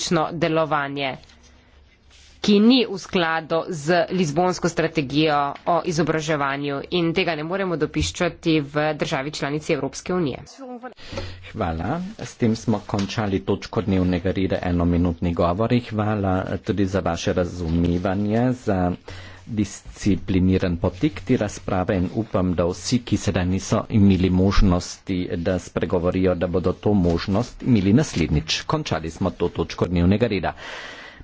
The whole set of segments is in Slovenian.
politično delovanje, ki ni v skladu z Lizbonsko strategijo o izobraževanju in tega ne moremo dopiščati v državi članici Evropske unije. Hvala. S tem smo končali točko dnevnega reda enominutni govori. Hvala tudi za vaše razumivanje. Za discipliniran potek te razprave in upam, da vsi, ki sedaj niso imeli možnosti, da spregovorijo, da bodo to možnost imeli naslednjič. Končali smo to točko dnevnega reda.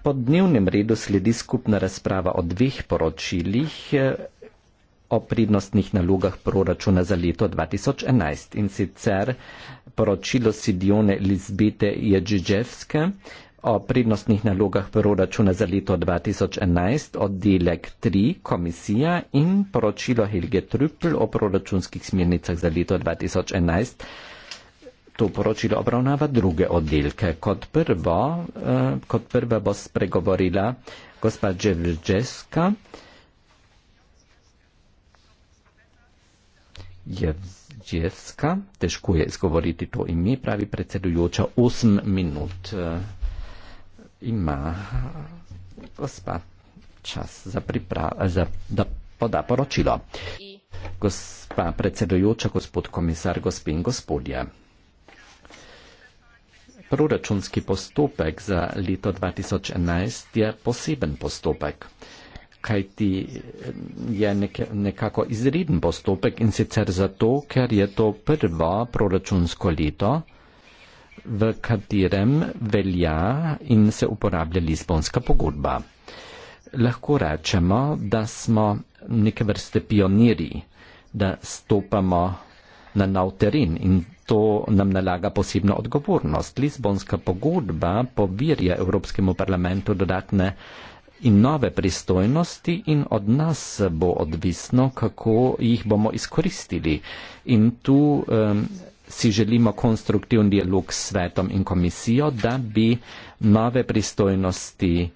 Po dnevnem redu sledi skupna razprava o dveh poročilih eh, o prednostnih nalogah proračuna za leto 2011 in sicer poročilo Sidione Lizbete Jedžiževske, o prednostnih nalogah proračuna za leto 2011, oddelek 3, komisija in poročilo Helge Trüppel o proračunskih smernicah za leto 2011. To poročilo obravnava druge oddelke. Kot, prvo, eh, kot prva bo spregovorila gospa Dževrđeska. Jevdjevska, težko je izgovoriti to ime, pravi predsedujoča, 8 minut. Eh ima gospa čas za priprava, da poda poročilo. Gospa predsedujoča, gospod komisar, gospe in gospodje. Proračunski postopek za leto 2011 je poseben postopek, kajti je nekako izreden postopek in sicer zato, ker je to prvo proračunsko leto, v katerem velja in se uporablja Lizbonska pogodba. Lahko rečemo, da smo neke vrste pioniri, da stopamo na nov teren in to nam nalaga posebno odgovornost. Lizbonska pogodba povirja Evropskemu parlamentu dodatne in nove pristojnosti in od nas bo odvisno, kako jih bomo izkoristili. In tu um, si želimo konstruktivni dialog s svetom in komisijo, da bi nove pristojnosti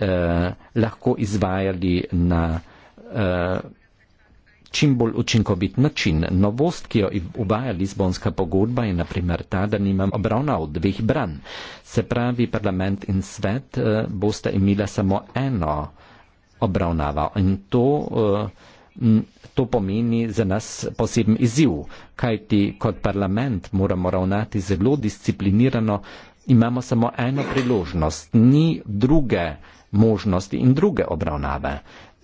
eh, lahko izvajali na eh, čim bolj učinkovit način. Novost, ki jo uvaja Lizbonska pogodba, je naprimer ta, da nimam obravnav dveh bran. Se pravi, parlament in svet eh, boste imela samo eno obravnavo in to. Eh, To pomeni za nas poseben izziv, kajti kot parlament moramo ravnati zelo disciplinirano, imamo samo eno priložnost, ni druge možnosti in druge obravnave.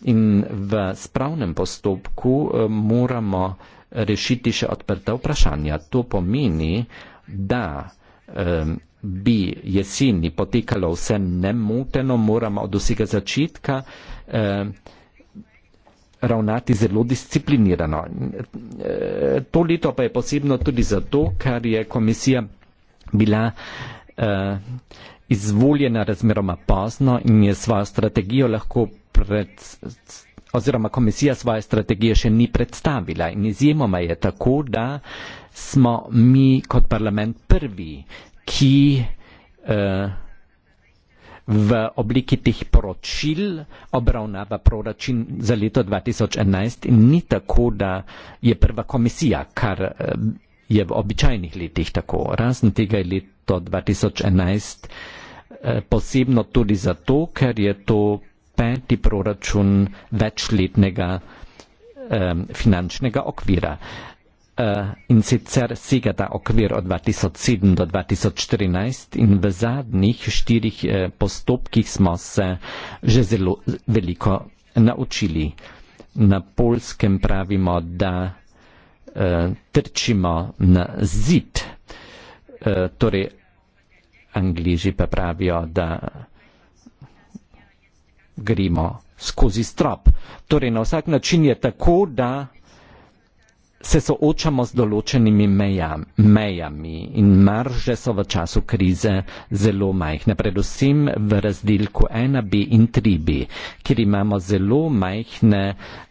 In v spravnem postopku eh, moramo rešiti še odprta vprašanja. To pomeni, da eh, bi jeseni potekalo vse nemoteno, moramo od vsega začetka. Eh, ravnati zelo disciplinirano. To leto pa je posebno tudi zato, ker je komisija bila eh, izvoljena razmeroma pozno in je svojo strategijo lahko pred oziroma komisija svoje strategije še ni predstavila. In izjemoma je tako, da smo mi kot parlament prvi, ki eh, v obliki teh poročil obravnava proračun za leto 2011 in ni tako, da je prva komisija, kar eh, je v običajnih letih tako. Razen tega je leto 2011 eh, posebno tudi zato, ker je to peti proračun večletnega eh, finančnega okvira. Eh, in sicer sega ta okvir od 2007 do 2014 in v zadnjih štirih eh, postopkih smo se že zelo veliko naučili. Na polskem pravimo, da uh, trčimo na zid, uh, torej angliži pa pravijo, da gremo skozi strop. Torej na vsak način je tako, da se soočamo z določenimi mejami in marže so v času krize zelo majhne, predvsem v razdelku 1B in 3B, kjer imamo zelo majhne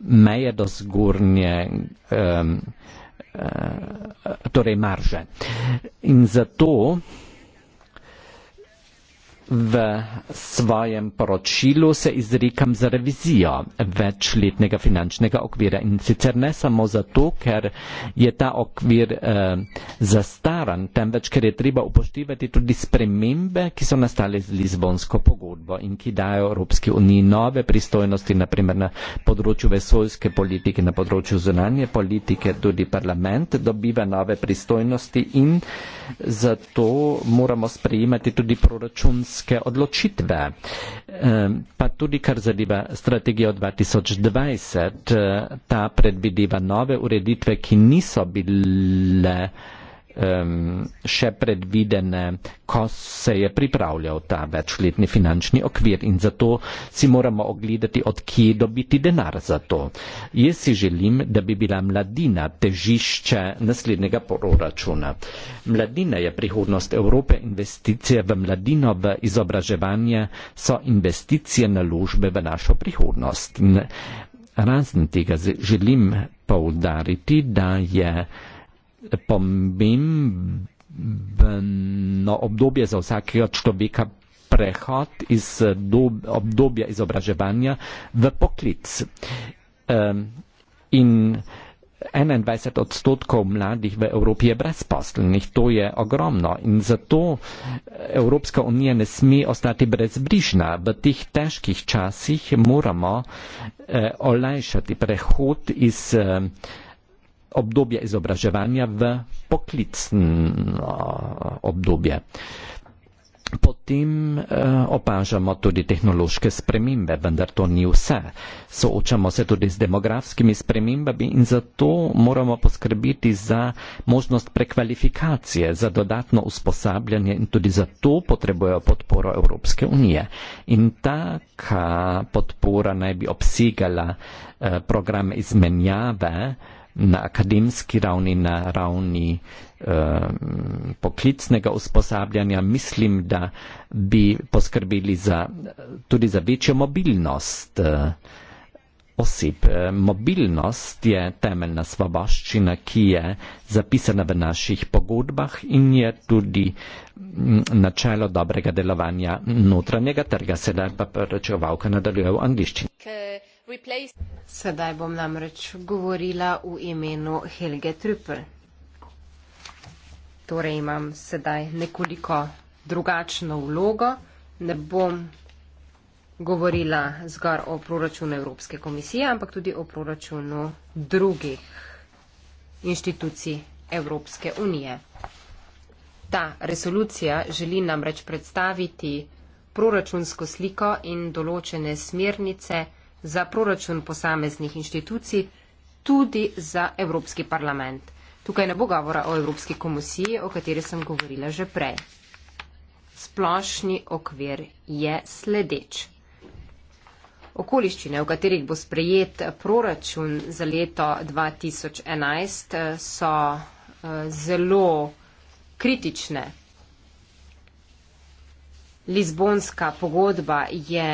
meje do zgornje. Um, Torej, marže. In zato V svojem poročilu se izrikam za revizijo večletnega finančnega okvira in sicer ne samo zato, ker je ta okvir eh, zastaran, temveč ker je treba upoštevati tudi spremembe, ki so nastale z Lizbonsko pogodbo in ki dajo Evropski uniji nove pristojnosti, naprimer na področju vesoljske politike, na področju zunanje politike, tudi parlament dobiva nove pristojnosti in zato moramo sprejemati tudi proračunske evropske odločitve. Pa tudi kar zadeva strategijo 2020, eh, ta predvideva nove ureditve, ki niso bile um, še predvidene, ko se je pripravljal ta večletni finančni okvir in zato si moramo ogledati, odkje dobiti denar za to. Jaz si želim, da bi bila mladina težišče naslednjega proračuna. Mladina je prihodnost Evrope, investicije v mladino, v izobraževanje so investicije naložbe v našo prihodnost. In razen tega želim poudariti, da je pomembno obdobje za vsakega človeka, prehod iz dob, obdobja izobraževanja v poklic. In 21 odstotkov mladih v Evropi je brezposlenih, to je ogromno in zato Evropska unija ne sme ostati brezbrižna. V teh težkih časih moramo eh, olajšati prehod iz. Eh, obdobje izobraževanja v poklicno obdobje. Potem eh, opažamo tudi tehnološke spremembe, vendar to ni vse. Soočamo se tudi z demografskimi spremembami in zato moramo poskrbiti za možnost prekvalifikacije, za dodatno usposabljanje in tudi zato potrebujejo podporo Evropske unije. In taka podpora naj bi obsegala eh, programe izmenjave, na akademski ravni, na ravni eh, poklicnega usposabljanja, mislim, da bi poskrbeli za, tudi za večjo mobilnost eh, oseb. Eh, mobilnost je temeljna svoboščina, ki je zapisana v naših pogodbah in je tudi mm, načelo dobrega delovanja notranjega trga. Sedaj pa poročevalka nadaljuje v angliščini. Okay. Sedaj bom namreč govorila v imenu Helge Trüppel. Torej imam sedaj nekoliko drugačno vlogo. Ne bom govorila zgor o proračunu Evropske komisije, ampak tudi o proračunu drugih inštitucij Evropske unije. Ta resolucija želi namreč predstaviti proračunsko sliko in določene smernice, za proračun posameznih inštitucij, tudi za Evropski parlament. Tukaj ne bo govora o Evropski komisiji, o kateri sem govorila že prej. Splošni okvir je sledeč. Okoliščine, v katerih bo sprejet proračun za leto 2011, so eh, zelo kritične. Lizbonska pogodba je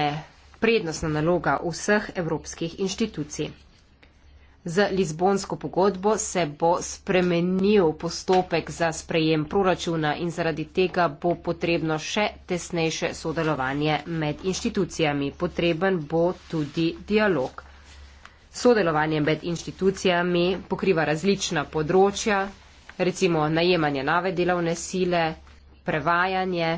prednostna naloga vseh evropskih inštitucij. Z Lizbonsko pogodbo se bo spremenil postopek za sprejem proračuna in zaradi tega bo potrebno še tesnejše sodelovanje med inštitucijami. Potreben bo tudi dialog. Sodelovanje med inštitucijami pokriva različna področja, recimo najemanje nove delovne sile, prevajanje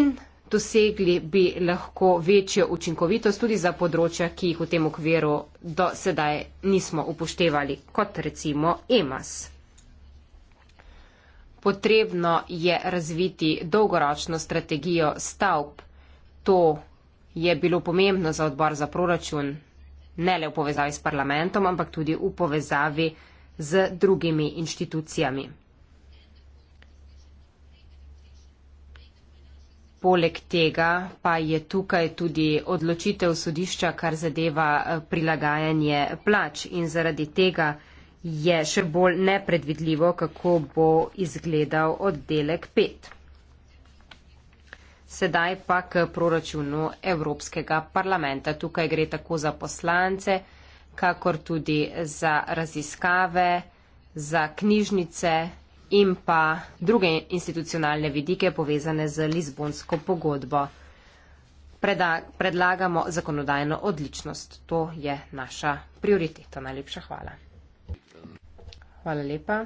in dosegli bi lahko večjo učinkovitost tudi za področja, ki jih v tem okviru do sedaj nismo upoštevali, kot recimo EMAS. Potrebno je razviti dolgoročno strategijo stavb. To je bilo pomembno za odbor za proračun, ne le v povezavi s parlamentom, ampak tudi v povezavi z drugimi inštitucijami. poleg tega pa je tukaj tudi odločitev sodišča, kar zadeva eh, prilagajanje plač in zaradi tega je še bolj nepredvidljivo, kako bo izgledal oddelek 5. Sedaj pa k proračunu Evropskega parlamenta. Tukaj gre tako za poslance, kakor tudi za raziskave, za knjižnice, in pa druge institucionalne vidike povezane z Lizbonsko pogodbo. Preda, predlagamo zakonodajno odličnost. To je naša prioriteta. Najlepša hvala. Hvala lepa.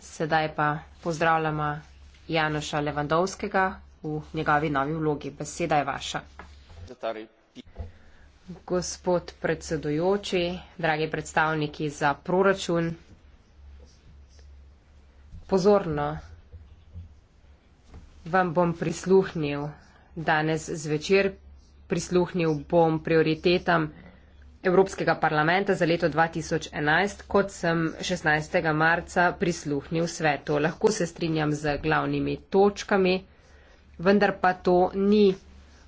Sedaj pa pozdravljamo Janoša Levandovskega v njegovi novi vlogi. Beseda je vaša. Zatari gospod predsedujoči, dragi predstavniki za proračun. Pozorno vam bom prisluhnil danes zvečer, prisluhnil bom prioritetam Evropskega parlamenta za leto 2011, kot sem 16. marca prisluhnil svetu. Lahko se strinjam z glavnimi točkami, vendar pa to ni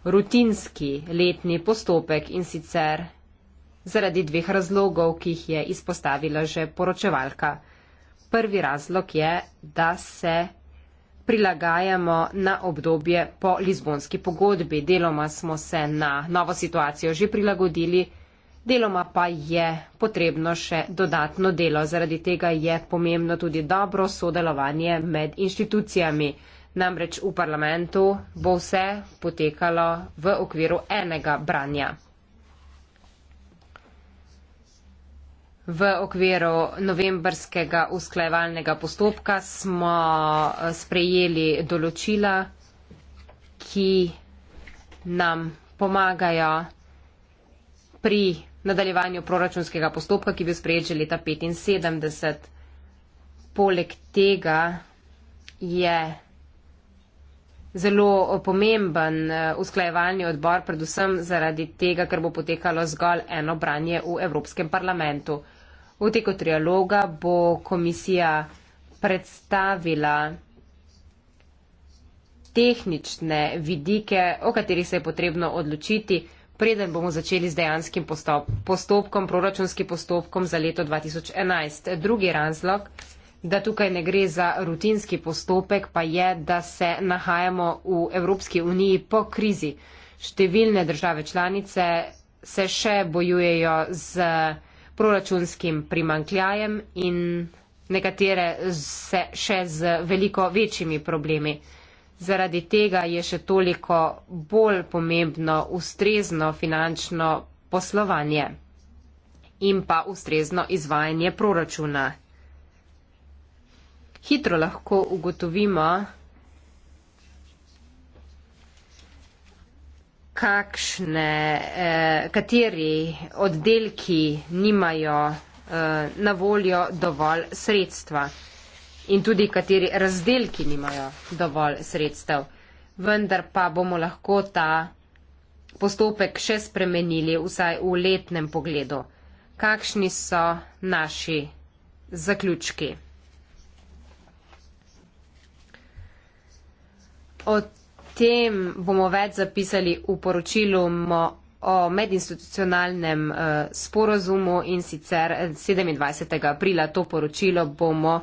rutinski letni postopek in sicer zaradi dveh razlogov, ki jih je izpostavila že poročevalka. Prvi razlog je, da se prilagajamo na obdobje po Lizbonski pogodbi. Deloma smo se na novo situacijo že prilagodili, deloma pa je potrebno še dodatno delo. Zaradi tega je pomembno tudi dobro sodelovanje med inštitucijami. Namreč v parlamentu bo vse potekalo v okviru enega branja. V okviru novembrskega usklajevalnega postopka smo eh, sprejeli določila, ki nam pomagajo pri nadaljevanju proračunskega postopka, ki bi sprejeli leta 1975. Poleg tega je zelo pomemben eh, usklajevalni odbor, predvsem zaradi tega, ker bo potekalo zgolj eno branje v Evropskem parlamentu. V teku trialoga bo komisija predstavila tehnične vidike, o katerih se je potrebno odločiti, preden bomo začeli z dejanskim postopkom, proračunskim postopkom za leto 2011. Drugi razlog da tukaj ne gre za rutinski postopek, pa je, da se nahajamo v Evropski uniji po krizi. Številne države članice se še bojujejo z proračunskim primankljajem in nekatere se še z veliko večjimi problemi. Zaradi tega je še toliko bolj pomembno ustrezno finančno poslovanje in pa ustrezno izvajanje proračuna, hitro lahko ugotovimo, kakšne, eh, kateri oddelki nimajo eh, na voljo dovolj sredstva in tudi kateri razdelki nimajo dovolj sredstev. Vendar pa bomo lahko ta postopek še spremenili vsaj v letnem pogledu. Kakšni so naši zaključki? o tem bomo več zapisali v poročilu o medinstitucionalnem uh, sporozumu in sicer 27. Eh, aprila to poročilo bomo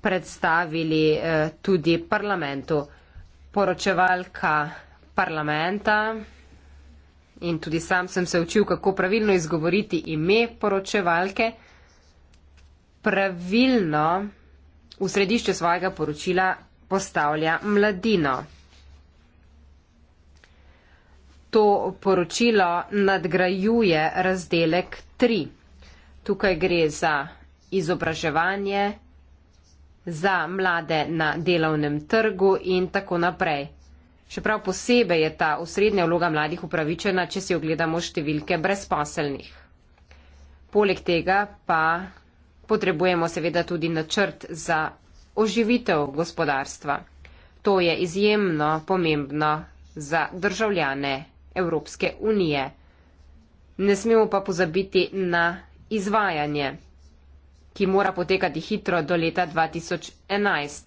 predstavili uh, tudi parlamentu. Poročevalka parlamenta in tudi sam sem se učil, kako pravilno izgovoriti ime poročevalke. Pravilno v središču svojega poročila postavlja mladino. To poročilo nadgrajuje razdelek 3. Tukaj gre za izobraževanje, za mlade na delovnem trgu in tako naprej. Še prav posebej je ta osrednja vloga mladih upravičena, če si ogledamo številke brezposelnih. Poleg tega pa potrebujemo seveda tudi načrt za oživitev gospodarstva. To je izjemno pomembno za državljane Evropske unije. Ne smemo pa pozabiti na izvajanje, ki mora potekati hitro do leta 2011.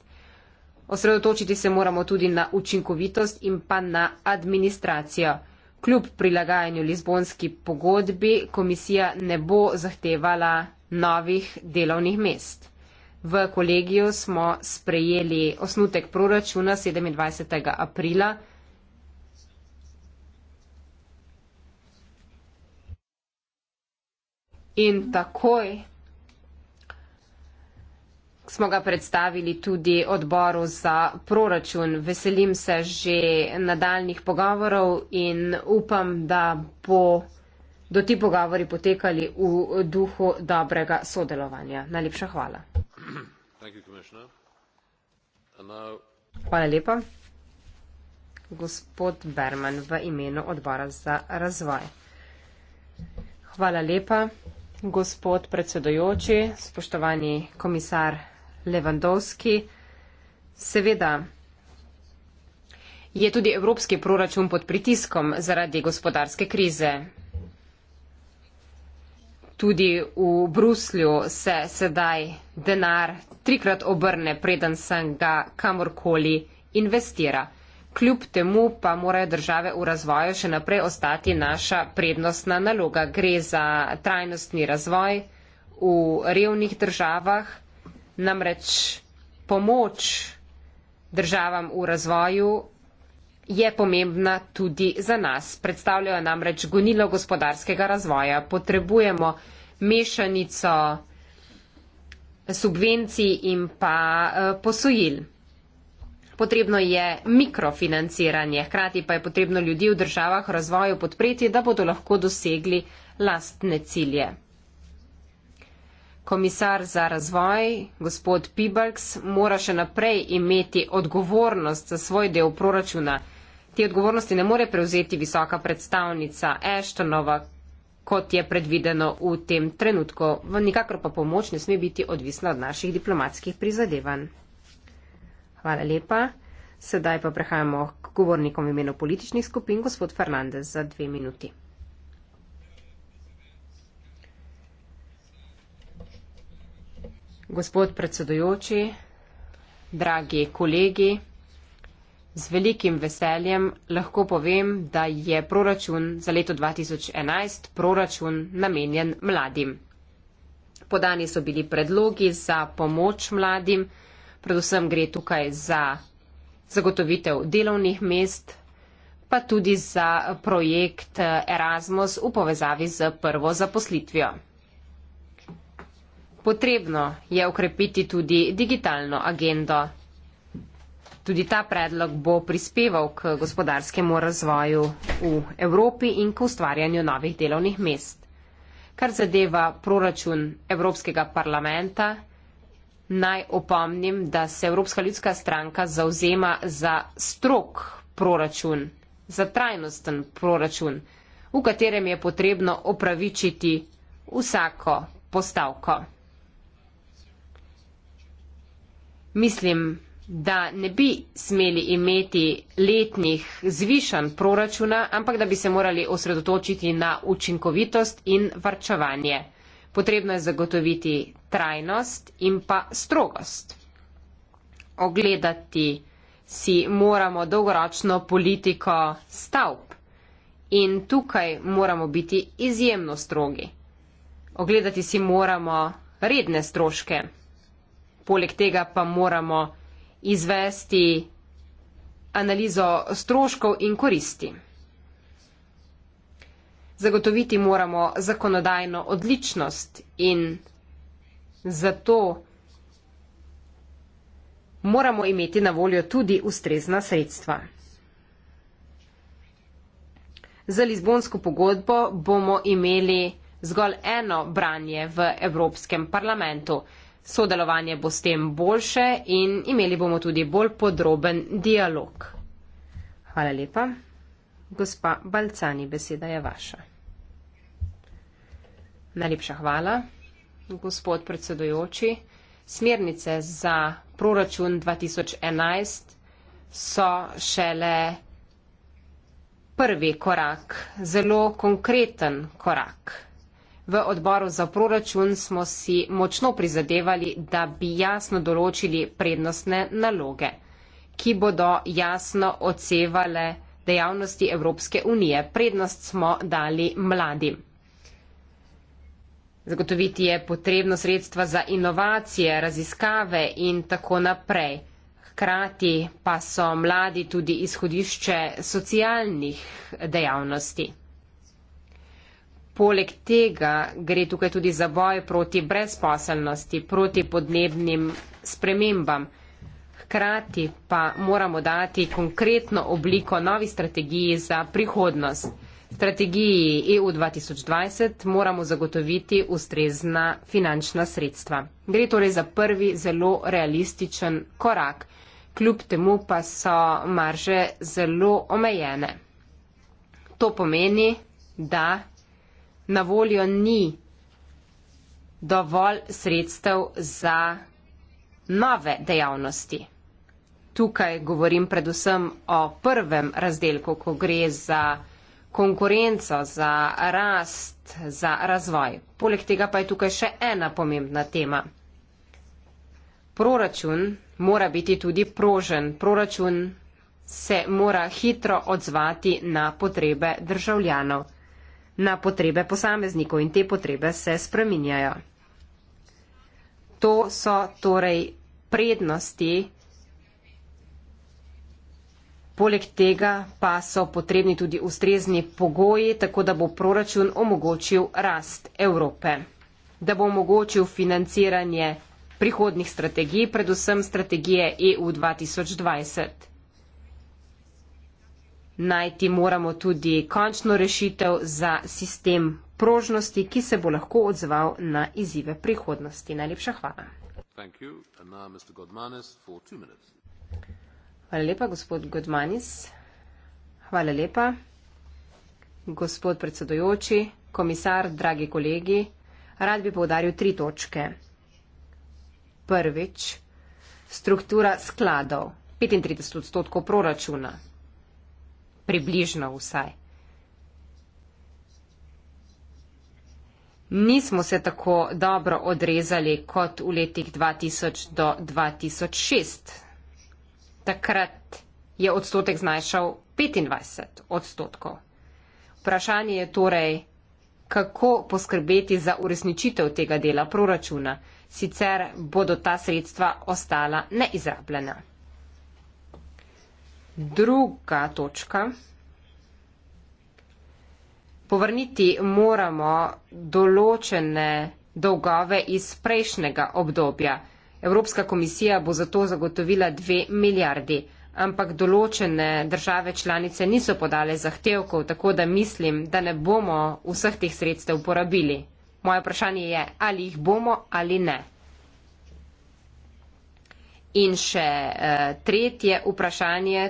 Osredotočiti se moramo tudi na učinkovitost in pa na administracijo. Kljub prilagajanju Lizbonski pogodbi komisija ne bo zahtevala novih delovnih mest. V kolegiju smo sprejeli osnutek proračuna 27. aprila. In takoj smo ga predstavili tudi odboru za proračun. Veselim se že nadaljnih pogovorov in upam, da bo do ti pogovori potekali v duhu dobrega sodelovanja. Najlepša hvala. Hvala lepa. Gospod Berman v imenu odbora za razvoj. Hvala lepa, gospod predsedojoči, spoštovani komisar Levandovski. Seveda je tudi evropski proračun pod pritiskom zaradi gospodarske krize. Tudi v Bruslju se sedaj denar trikrat obrne, preden se ga kamorkoli investira. Kljub temu pa morajo države v razvoju še naprej ostati naša prednostna naloga. Gre za trajnostni razvoj v revnih državah, namreč pomoč državam v razvoju je pomembna tudi za nas. Predstavljajo namreč gonilo gospodarskega razvoja. Potrebujemo mešanico subvencij in pa eh, posojil. Potrebno je mikrofinanciranje, hkrati pa je potrebno ljudi v državah razvoju podpreti, da bodo lahko dosegli lastne cilje. Komisar za razvoj, gospod Pibalks, mora še naprej imeti odgovornost za svoj del proračuna. Te odgovornosti ne more prevzeti visoka predstavnica Eštonova, kot je predvideno v tem trenutku. V nikakor pa pomoč ne sme biti odvisna od naših diplomatskih prizadevanj. Hvala lepa. Sedaj pa prehajamo k govornikom v imenu političnih skupin, gospod Fernandez, za dve minuti. Gospod predsedujoči, dragi kolegi. Z velikim veseljem lahko povem, da je proračun za leto 2011 proračun namenjen mladim. Podani so bili predlogi za pomoč mladim, predvsem gre tukaj za zagotovitev delovnih mest, pa tudi za projekt eh, Erasmus v povezavi z prvo zaposlitvijo. Potrebno je ukrepiti tudi digitalno agendo. Tudi ta predlog bo prispeval k gospodarskemu razvoju v Evropi in k ustvarjanju novih delovnih mest. Kar zadeva proračun Evropskega parlamenta, naj opomnim, da se Evropska ljudska stranka zauzema za strok proračun, za trajnosten proračun, v katerem je potrebno opravičiti vsako postavko. Mislim, da ne bi smeli imeti letnih zvišanj proračuna, ampak da bi se morali osredotočiti na učinkovitost in varčevanje. Potrebno je zagotoviti trajnost in pa strogost. Ogledati si moramo dolgoročno politiko stavb in tukaj moramo biti izjemno strogi. Ogledati si moramo redne stroške. Poleg tega pa moramo izvesti analizo stroškov in koristi. Zagotoviti moramo zakonodajno odličnost in zato moramo imeti na voljo tudi ustrezna sredstva. Za Lizbonsko pogodbo bomo imeli zgolj eno branje v Evropskem parlamentu. Sodelovanje bo s tem boljše in imeli bomo tudi bolj podroben dialog. Hvala lepa. Gospa Balcani, beseda je vaša. Najlepša hvala, gospod predsedujoči. Smernice za proračun 2011 so šele prvi korak, zelo konkreten korak. V odboru za proračun smo si močno prizadevali, da bi jasno določili prednostne naloge, ki bodo jasno ocevale dejavnosti Evropske unije. Prednost smo dali mladim. Zagotoviti je potrebno sredstva za inovacije, raziskave in tako naprej. Hkrati pa so mladi tudi izhodišče socialnih dejavnosti. Poleg tega gre tukaj tudi za boj proti brezposelnosti, proti podnebnim spremembam. Hkrati pa moramo dati konkretno obliko novi strategiji za prihodnost. Strategiji EU 2020 moramo zagotoviti ustrezna finančna sredstva. Gre torej za prvi zelo realističen korak. Kljub temu pa so marže zelo omejene. To pomeni, da na voljo ni dovolj sredstev za nove dejavnosti. Tukaj govorim predvsem o prvem razdelku, ko gre za konkurenco, za rast, za razvoj. Poleg tega pa je tukaj še ena pomembna tema. Proračun mora biti tudi prožen. Proračun se mora hitro odzvati na potrebe državljanov na potrebe posameznikov in te potrebe se spreminjajo. To so torej prednosti, poleg tega pa so potrebni tudi ustrezni pogoji, tako da bo proračun omogočil rast Evrope, da bo omogočil financiranje prihodnih strategij, predvsem strategije EU 2020 najti moramo tudi končno rešitev za sistem prožnosti, ki se bo lahko odzval na izzive prihodnosti. Najlepša hvala. Hvala lepa, gospod Godmanis. Hvala lepa, gospod predsedojoči, komisar, dragi kolegi. Rad bi povdaril tri točke. Prvič, struktura skladov, 35 odstotkov proračuna, približno vsaj. Nismo se tako dobro odrezali kot v letih 2000 do 2006. Takrat je odstotek znašal 25 odstotkov. Vprašanje je torej, kako poskrbeti za uresničitev tega dela proračuna, sicer bodo ta sredstva ostala neizrabljena. Druga točka. Povrniti moramo določene dolgove iz prejšnjega obdobja. Evropska komisija bo zato zagotovila dve milijardi, ampak določene države članice niso podale zahtevkov, tako da mislim, da ne bomo vseh teh sredstev uporabili. Moje vprašanje je, ali jih bomo ali ne. In še eh, tretje vprašanje,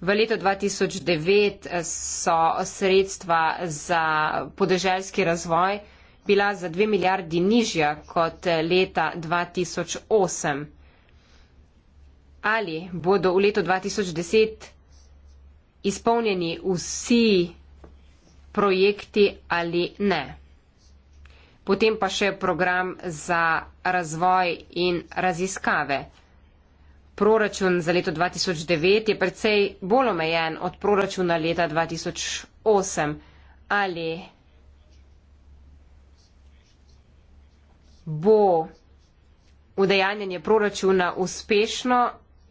V letu 2009 eh, so sredstva za podeželski razvoj bila za dve milijardi nižja kot eh, leta 2008. Ali bodo v letu 2010 izpolnjeni vsi projekti ali ne? Potem pa še program za razvoj in raziskave. Proračun za leto 2009 je precej bolj omejen od proračuna leta 2008. Ali bo udejanjanje proračuna uspešno?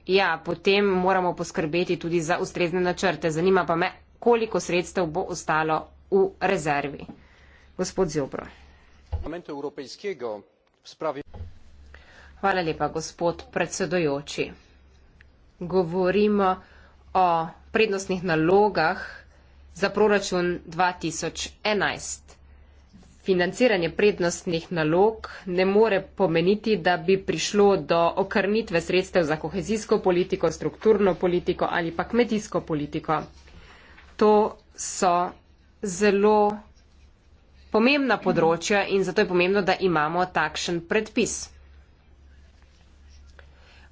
Ja, potem moramo poskrbeti tudi za ustrezne načrte. Zanima pa me, koliko sredstev bo ostalo v rezervi. Gospod Zjobro. Hvala lepa, gospod predsedojoči. Govorimo o prednostnih nalogah za proračun 2011. Financiranje prednostnih nalog ne more pomeniti, da bi prišlo do okrnitve sredstev za kohezijsko politiko, strukturno politiko ali pa kmetijsko politiko. To so zelo pomembna področja in zato je pomembno, da imamo takšen predpis.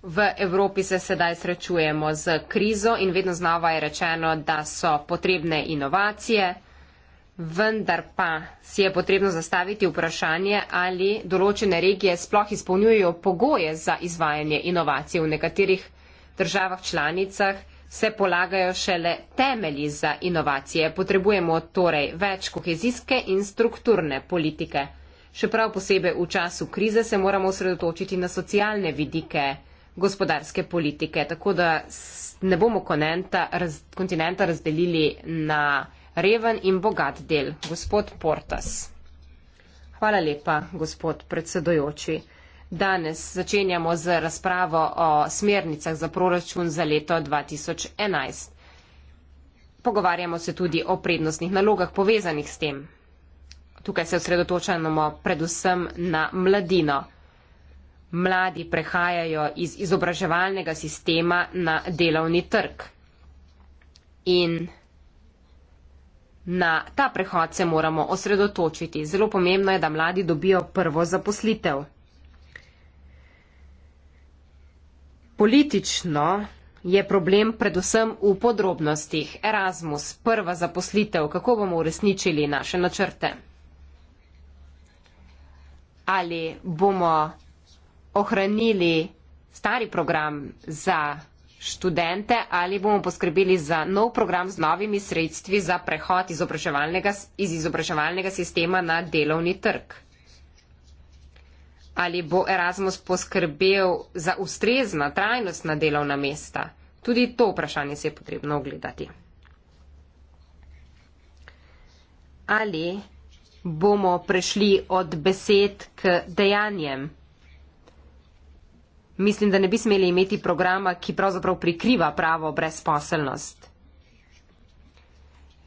V Evropi se sedaj srečujemo z krizo in vedno znova je rečeno, da so potrebne inovacije, vendar pa si je potrebno zastaviti vprašanje, ali določene regije sploh izpolnjujo pogoje za izvajanje inovacij. V nekaterih državah članicah se polagajo šele temelji za inovacije. Potrebujemo torej več kohezijske in strukturne politike. Še prav posebej v času krize se moramo osredotočiti na socialne vidike gospodarske politike. Tako da ne bomo raz, kontinenta razdelili na reven in bogat del. Gospod Portas. Hvala lepa, gospod predsedojoči. Danes začenjamo z razpravo o smernicah za proračun za leto 2011. Pogovarjamo se tudi o prednostnih nalogah povezanih s tem. Tukaj se osredotočamo predvsem na mladino mladi prehajajo iz izobraževalnega sistema na delovni trg. In na ta prehod se moramo osredotočiti. Zelo pomembno je, da mladi dobijo prvo zaposlitev. Politično je problem predvsem v podrobnostih. Erasmus, prva zaposlitev, kako bomo uresničili naše načrte? Ali bomo ohranili stari program za študente ali bomo poskrbeli za nov program z novimi sredstvi za prehod izobraževalnega, iz izobraževalnega sistema na delovni trg? Ali bo Erasmus poskrbel za ustrezna trajnostna delovna mesta? Tudi to vprašanje se je potrebno ogledati. Ali bomo prešli od besed k dejanjem? Mislim, da ne bi smeli imeti programa, ki pravzaprav prikriva pravo brezposelnost.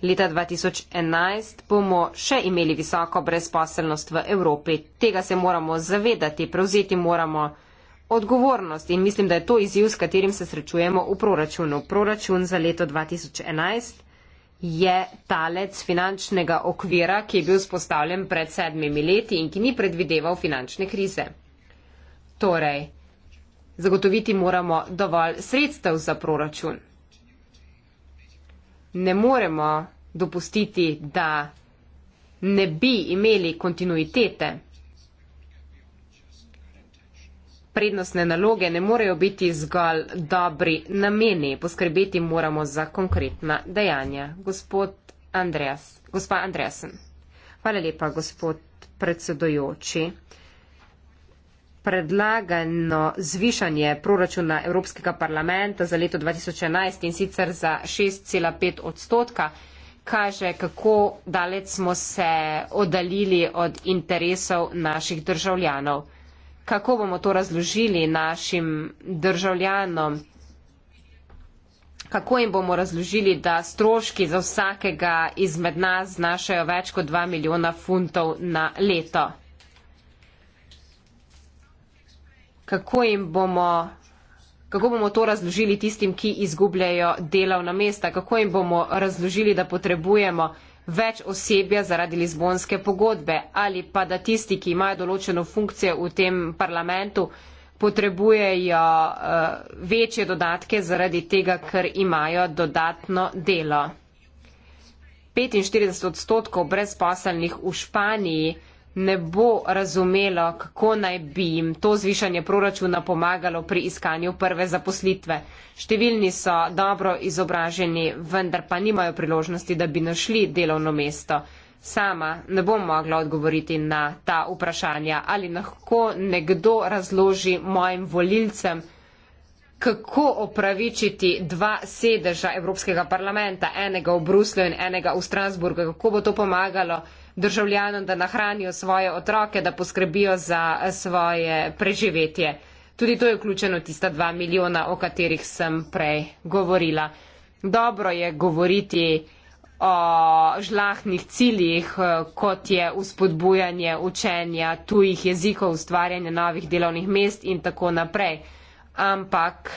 Leta 2011 bomo še imeli visoko brezposelnost v Evropi. Tega se moramo zavedati, prevzeti moramo odgovornost in mislim, da je to izziv, s katerim se srečujemo v proračunu. Proračun za leto 2011 je talec finančnega okvira, ki je bil spostavljen pred sedmimi leti in ki ni predvideval finančne krize. Torej, Zagotoviti moramo dovolj sredstev za proračun. Ne moremo dopustiti, da ne bi imeli kontinuitete. Prednostne naloge ne morejo biti zgolj dobri nameni. Poskrbeti moramo za konkretna dejanja. Andreas, gospa Andreasen. Hvala lepa, gospod predsedojoči predlagano zvišanje proračuna Evropskega parlamenta za leto 2011 in sicer za 6,5 odstotka kaže, kako daleč smo se oddaljili od interesov naših državljanov. Kako bomo to razložili našim državljanom? Kako jim bomo razložili, da stroški za vsakega izmed nas znašajo več kot 2 milijona funtov na leto? kako jim bomo, kako bomo to razložili tistim, ki izgubljajo delovna mesta, kako jim bomo razložili, da potrebujemo več osebja zaradi Lizbonske pogodbe ali pa da tisti, ki imajo določeno funkcijo v tem parlamentu, potrebujejo uh, večje dodatke zaradi tega, ker imajo dodatno delo. 45 odstotkov brezposelnih v Španiji ne bo razumelo, kako naj bi jim to zvišanje proračuna pomagalo pri iskanju prve zaposlitve. Številni so dobro izobraženi, vendar pa nimajo priložnosti, da bi našli delovno mesto. Sama ne bom mogla odgovoriti na ta vprašanja, ali lahko nekdo razloži mojim volilcem, kako opravičiti dva sedeža Evropskega parlamenta, enega v Bruslju in enega v Strasburgu, kako bo to pomagalo državljanom, da nahranijo svoje otroke, da poskrbijo za eh, svoje preživetje. Tudi to je vključeno tista dva milijona, o katerih sem prej govorila. Dobro je govoriti o žlahnih ciljih, eh, kot je uspodbujanje učenja tujih jezikov, ustvarjanje novih delovnih mest in tako naprej. Ampak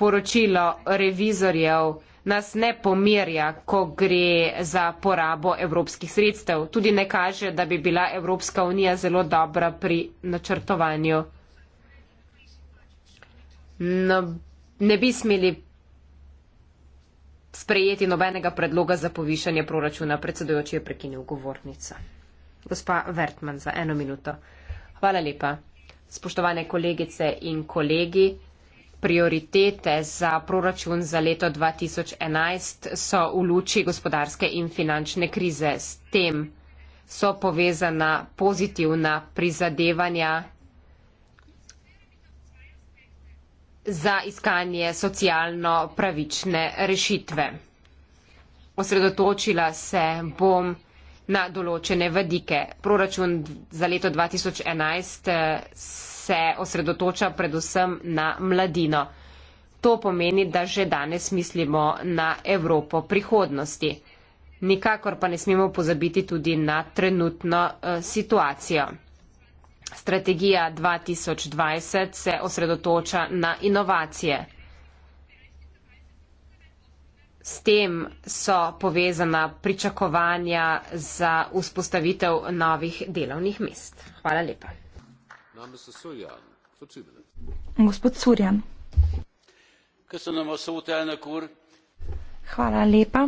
poročilo revizorjev nas ne pomirja, ko gre za porabo evropskih sredstev. Tudi ne kaže, da bi bila Evropska unija zelo dobra pri načrtovanju. No, ne bi smeli sprejeti nobenega predloga za povišanje proračuna, predsedujoči je prekinil govornica. Gospa Vertman, za eno minuto. Hvala lepa. Spoštovane kolegice in kolegi prioritete za proračun za leto 2011 so v luči gospodarske in finančne krize. S tem so povezana pozitivna prizadevanja za iskanje socialno pravične rešitve. Osredotočila se bom na določene vedike. Proračun za leto 2011 se osredotoča predvsem na mladino. To pomeni, da že danes mislimo na Evropo prihodnosti. Nikakor pa ne smemo pozabiti tudi na trenutno eh, situacijo. Strategija 2020 se osredotoča na inovacije. S tem so povezana pričakovanja za vzpostavitev novih delovnih mest. Hvala lepa gospod Surjan. Köszönöma szót, elnök úr! Hvala lepa,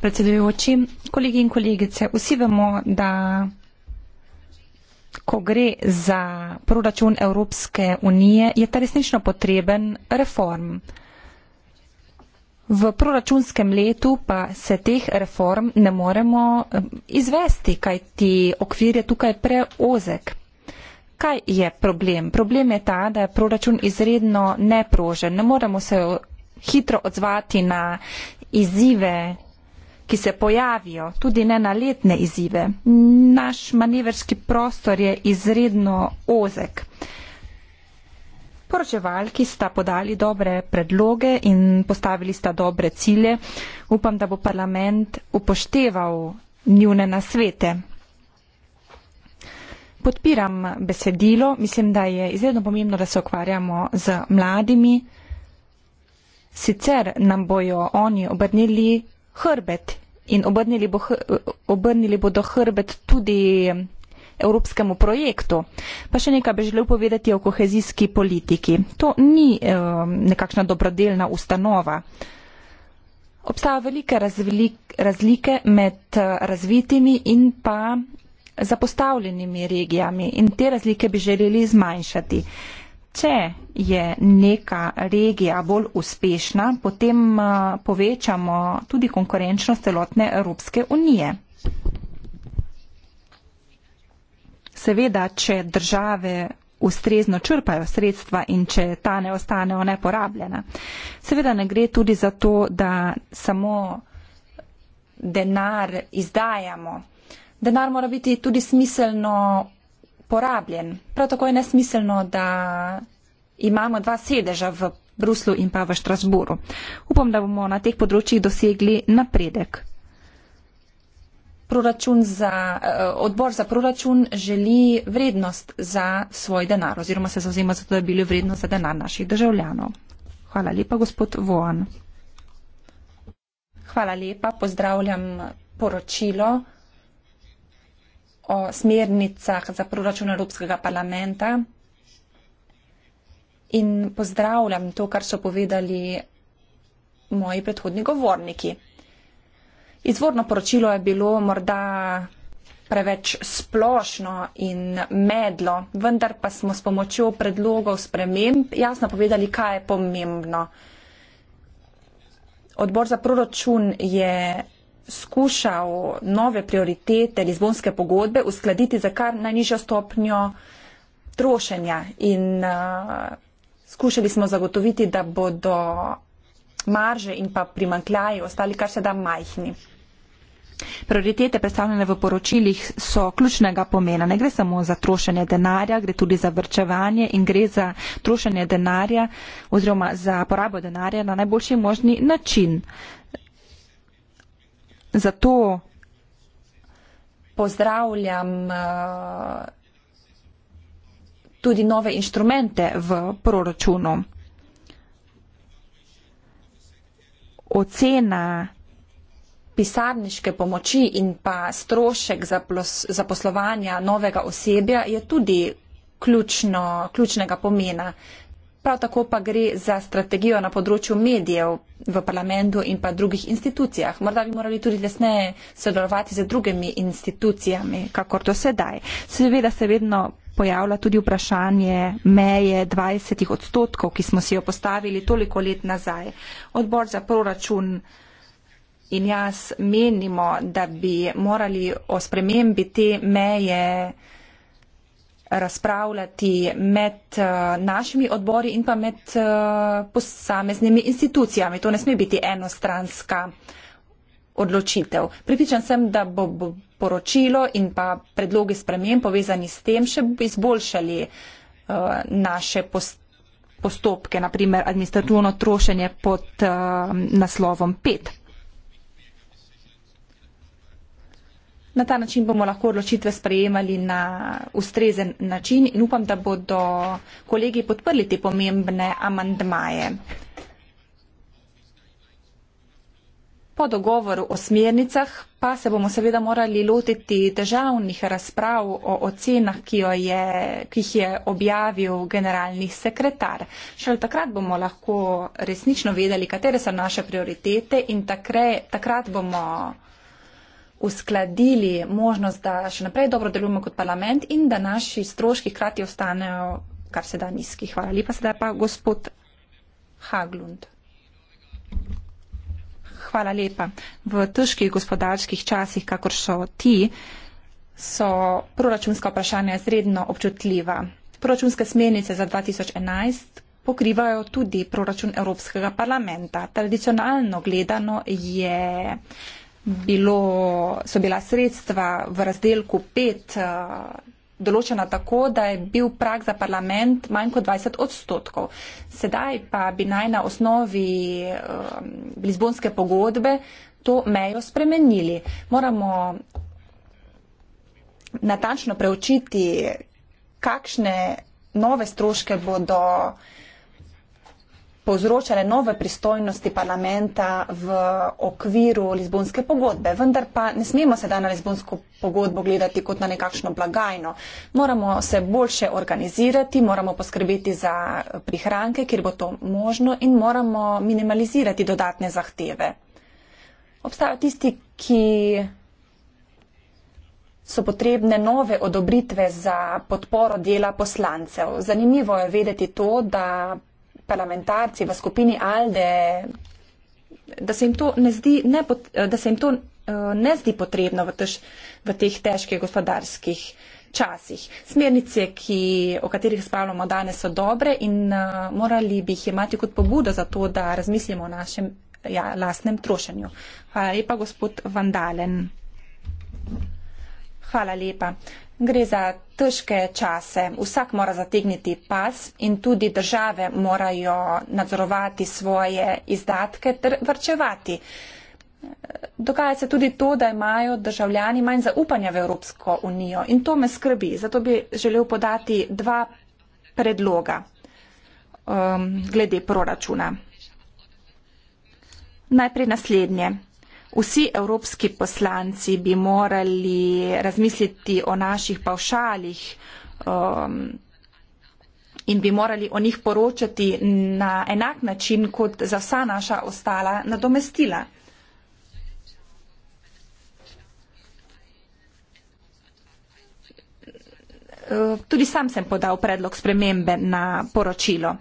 predsedujoči. Kolegi in kolegice, vsi vemo, da ko gre za proračun Evropske unije, je ta resnično potreben reform. V proračunskem letu pa se teh reform ne moremo eh, izvesti, kajti okvir je tukaj preozek, Kaj je problem? Problem je ta, da je proračun izredno neprožen. Ne moremo se hitro odzvati na izzive, ki se pojavijo, tudi ne na letne izzive. Naš manevrski prostor je izredno ozek. Poročevalki sta podali dobre predloge in postavili sta dobre cilje. Upam, da bo parlament upošteval njune nasvete. Podpiram besedilo, mislim, da je izredno pomembno, da se ukvarjamo z mladimi. Sicer nam bojo oni obrnili hrbet in obrnili, bo, obrnili bodo hrbet tudi evropskemu projektu. Pa še nekaj bi želel povedati o kohezijski politiki. To ni nekakšna dobrodelna ustanova. Obstajajo velike razlike med eh, razvitimi in pa zapostavljenimi regijami in te razlike bi želeli zmanjšati. Če je neka regija bolj uspešna, potem eh, povečamo tudi konkurenčnost celotne Evropske unije. Seveda, če države ustrezno črpajo sredstva in če ta ne ostanejo neporabljena. Seveda ne gre tudi za to, da samo denar izdajamo denar mora biti tudi smiselno porabljen. Prav tako je nesmiselno, da imamo dva sedeža v Bruslu in pa v Štrasburu. Upam, da bomo na teh področjih dosegli napredek. Za, eh, odbor za proračun želi vrednost za svoj denar oziroma se zauzema za to, da bi bilo vrednost za denar naših državljanov. Hvala lepa, gospod Vojan. Hvala lepa, pozdravljam poročilo o smernicah za proračun Evropskega parlamenta in pozdravljam to, kar so povedali moji predhodni govorniki. Izvorno poročilo je bilo morda preveč splošno in medlo, vendar pa smo s pomočjo predlogov sprememb jasno povedali, kaj je pomembno. Odbor za proračun je skušal nove prioritete Lizbonske pogodbe uskladiti za kar najnižjo stopnjo trošenja in uh, skušali smo zagotoviti, da bodo marže in pa primankljaji ostali kar se da majhni. Prioritete predstavljene v poročilih so ključnega pomena. Ne gre samo za trošenje denarja, gre tudi za vrčevanje in gre za trošenje denarja oziroma za porabo denarja na najboljši možni način. Uh, Zato pozdravljam eh, tudi nove inštrumente v proračunu. Ocena pisarniške pomoči in pa strošek zaposlovanja novega osebja je tudi ključno, ključnega pomena prav tako pa gre za strategijo na področju medijev v parlamentu in pa drugih institucijah. Morda bi morali tudi lesneje sodelovati z drugimi institucijami, kakor to sedaj. Seveda se vedno pojavlja tudi vprašanje meje 20 odstotkov, ki smo si jo postavili toliko let nazaj. Odbor za proračun in jaz menimo, da bi morali o spremembi te meje 20 odstotkov razpravljati med eh, našimi odbori in pa med eh, posameznimi institucijami. To ne sme biti enostranska odločitev. Pripričan sem, da bo poročilo in pa predloge spremem povezani s tem še izboljšali eh, naše postopke, naprimer administrativno trošenje pod naslovom 5. Na ta način bomo lahko odločitve sprejemali na ustrezen način in upam, da bodo kolegi podprli te pomembne amandmaje. Po dogovoru o smernicah pa se bomo seveda morali lotiti državnih razprav o ocenah, ki, je, ki jih je objavil generalni sekretar. Šele takrat bomo lahko resnično vedeli, katere so naše prioritete in takre, takrat bomo uskladili možnost, da še naprej dobro delujemo kot parlament in da naši stroški hkrati ostanejo kar se da nizki. Hvala lepa. Sedaj pa gospod Haglund. Hvala lepa. V težkih gospodarskih časih, kakor so ti, so proračunska vprašanja izredno občutljiva. Proračunske smernice za 2011 pokrivajo tudi proračun Evropskega parlamenta. Tradicionalno gledano je bilo, so bila sredstva v razdelku 5 eh, določena tako, da je bil prak za parlament manj kot 20 odstotkov. Sedaj pa bi naj na osnovi um, Lizbonske pogodbe to mejo spremenili. Moramo natančno preučiti, kakšne nove stroške bodo uh, povzročale nove pristojnosti parlamenta v okviru Lizbonske pogodbe. Vendar pa ne smemo se danes na Lizbonsko pogodbo gledati kot na nekakšno blagajno. Moramo se boljše organizirati, moramo poskrbeti za prihranke, kjer bo to možno in moramo minimalizirati dodatne zahteve. Obstajajo tisti, ki so potrebne nove odobritve za podporo dela poslancev. Zanimivo je vedeti to, da parlamentarci v skupini Alde, da se jim to ne zdi, ne, da se jim to eh, ne zdi potrebno v, tež, v teh težkih gospodarskih časih. Smernice, ki, o katerih spravljamo danes, so dobre in uh, morali bi jih imati kot pobudo za to, da razmislimo o našem ja, lastnem trošenju. Hvala lepa, gospod Vandalen. Hvala lepa. Gre za težke čase. Vsak mora zategniti pas in tudi države morajo nadzorovati svoje izdatke ter vrčevati. Dogaja se tudi to, da imajo državljani manj zaupanja v Evropsko unijo in to me skrbi. Zato bi želel podati dva predloga um, glede proračuna. Najprej naslednje. Vsi evropski poslanci bi morali razmisliti o naših pavšalih um, in bi morali o njih poročati na enak način kot za vsa naša ostala nadomestila. Uh, tudi sam sem podal predlog spremembe na poročilo.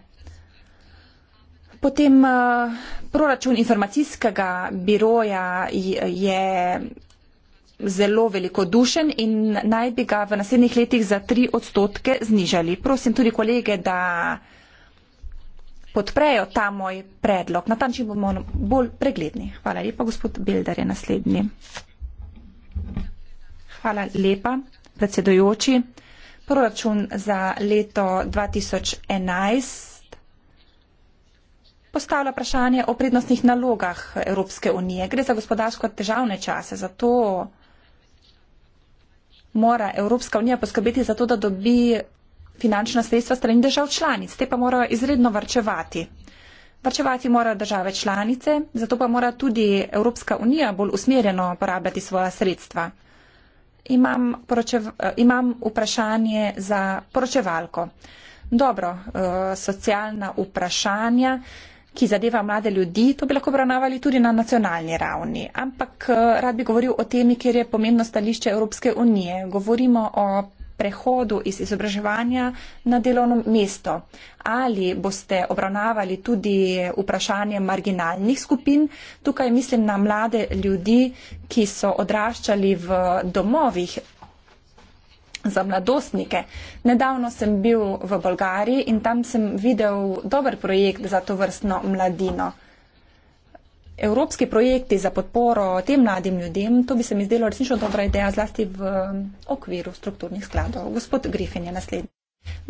Potem eh, proračun informacijskega biroja je zelo velikodušen in naj bi ga v naslednjih letih za tri odstotke znižali. Prosim tudi kolege, da podprejo ta moj predlog. Na tančin bomo bolj pregledni. Hvala lepa, gospod Bildar je naslednji. Hvala lepa, predsedojoči. Proračun za leto 2011 postavlja vprašanje o prednostnih nalogah Evropske unije. Gre za gospodarsko težavne čase, zato mora Evropska unija poskrbeti za to, da dobi finančna sredstva strani držav članic. Te pa morajo izredno varčevati. Varčevati morajo države članice, zato pa mora tudi Evropska unija bolj usmerjeno porabljati svoja sredstva. Imam, poročev, imam vprašanje za poročevalko. Dobro, eh, socialna vprašanja ki zadeva mlade ljudi, to bi lahko obravnavali tudi na nacionalni ravni. Ampak eh, rad bi govoril o temi, kjer je pomembno stališče Evropske unije. Govorimo o prehodu iz izobraževanja na delovno mesto. Ali boste obravnavali tudi vprašanje marginalnih skupin? Tukaj mislim na mlade ljudi, ki so odraščali v domovih za mladostnike. Nedavno sem bil v Bolgariji in tam sem videl dober projekt za to vrstno mladino. Evropski projekti za podporo tem mladim ljudem, to bi se mi zdelo resnično dobra ideja, zlasti v okviru strukturnih skladov. Gospod Grifin je naslednji.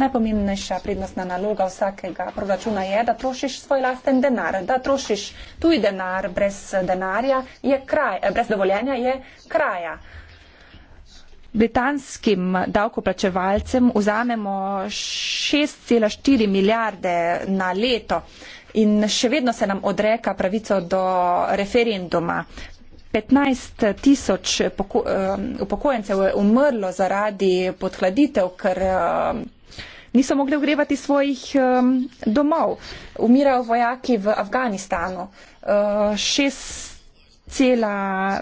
Najpomembnejša prednostna naloga vsakega proračuna je, da trošiš svoj lasten denar. Da trošiš tuj denar brez, denarja, je kraj, brez dovoljenja je kraja britanskim davkoplačevalcem vzamemo 6,4 milijarde na leto in še vedno se nam odreka pravico do referenduma. 15 tisoč upokojencev je umrlo zaradi podhladitev, ker niso mogli ogrevati svojih domov. Umirajo vojaki v Afganistanu. 6,1 milijarde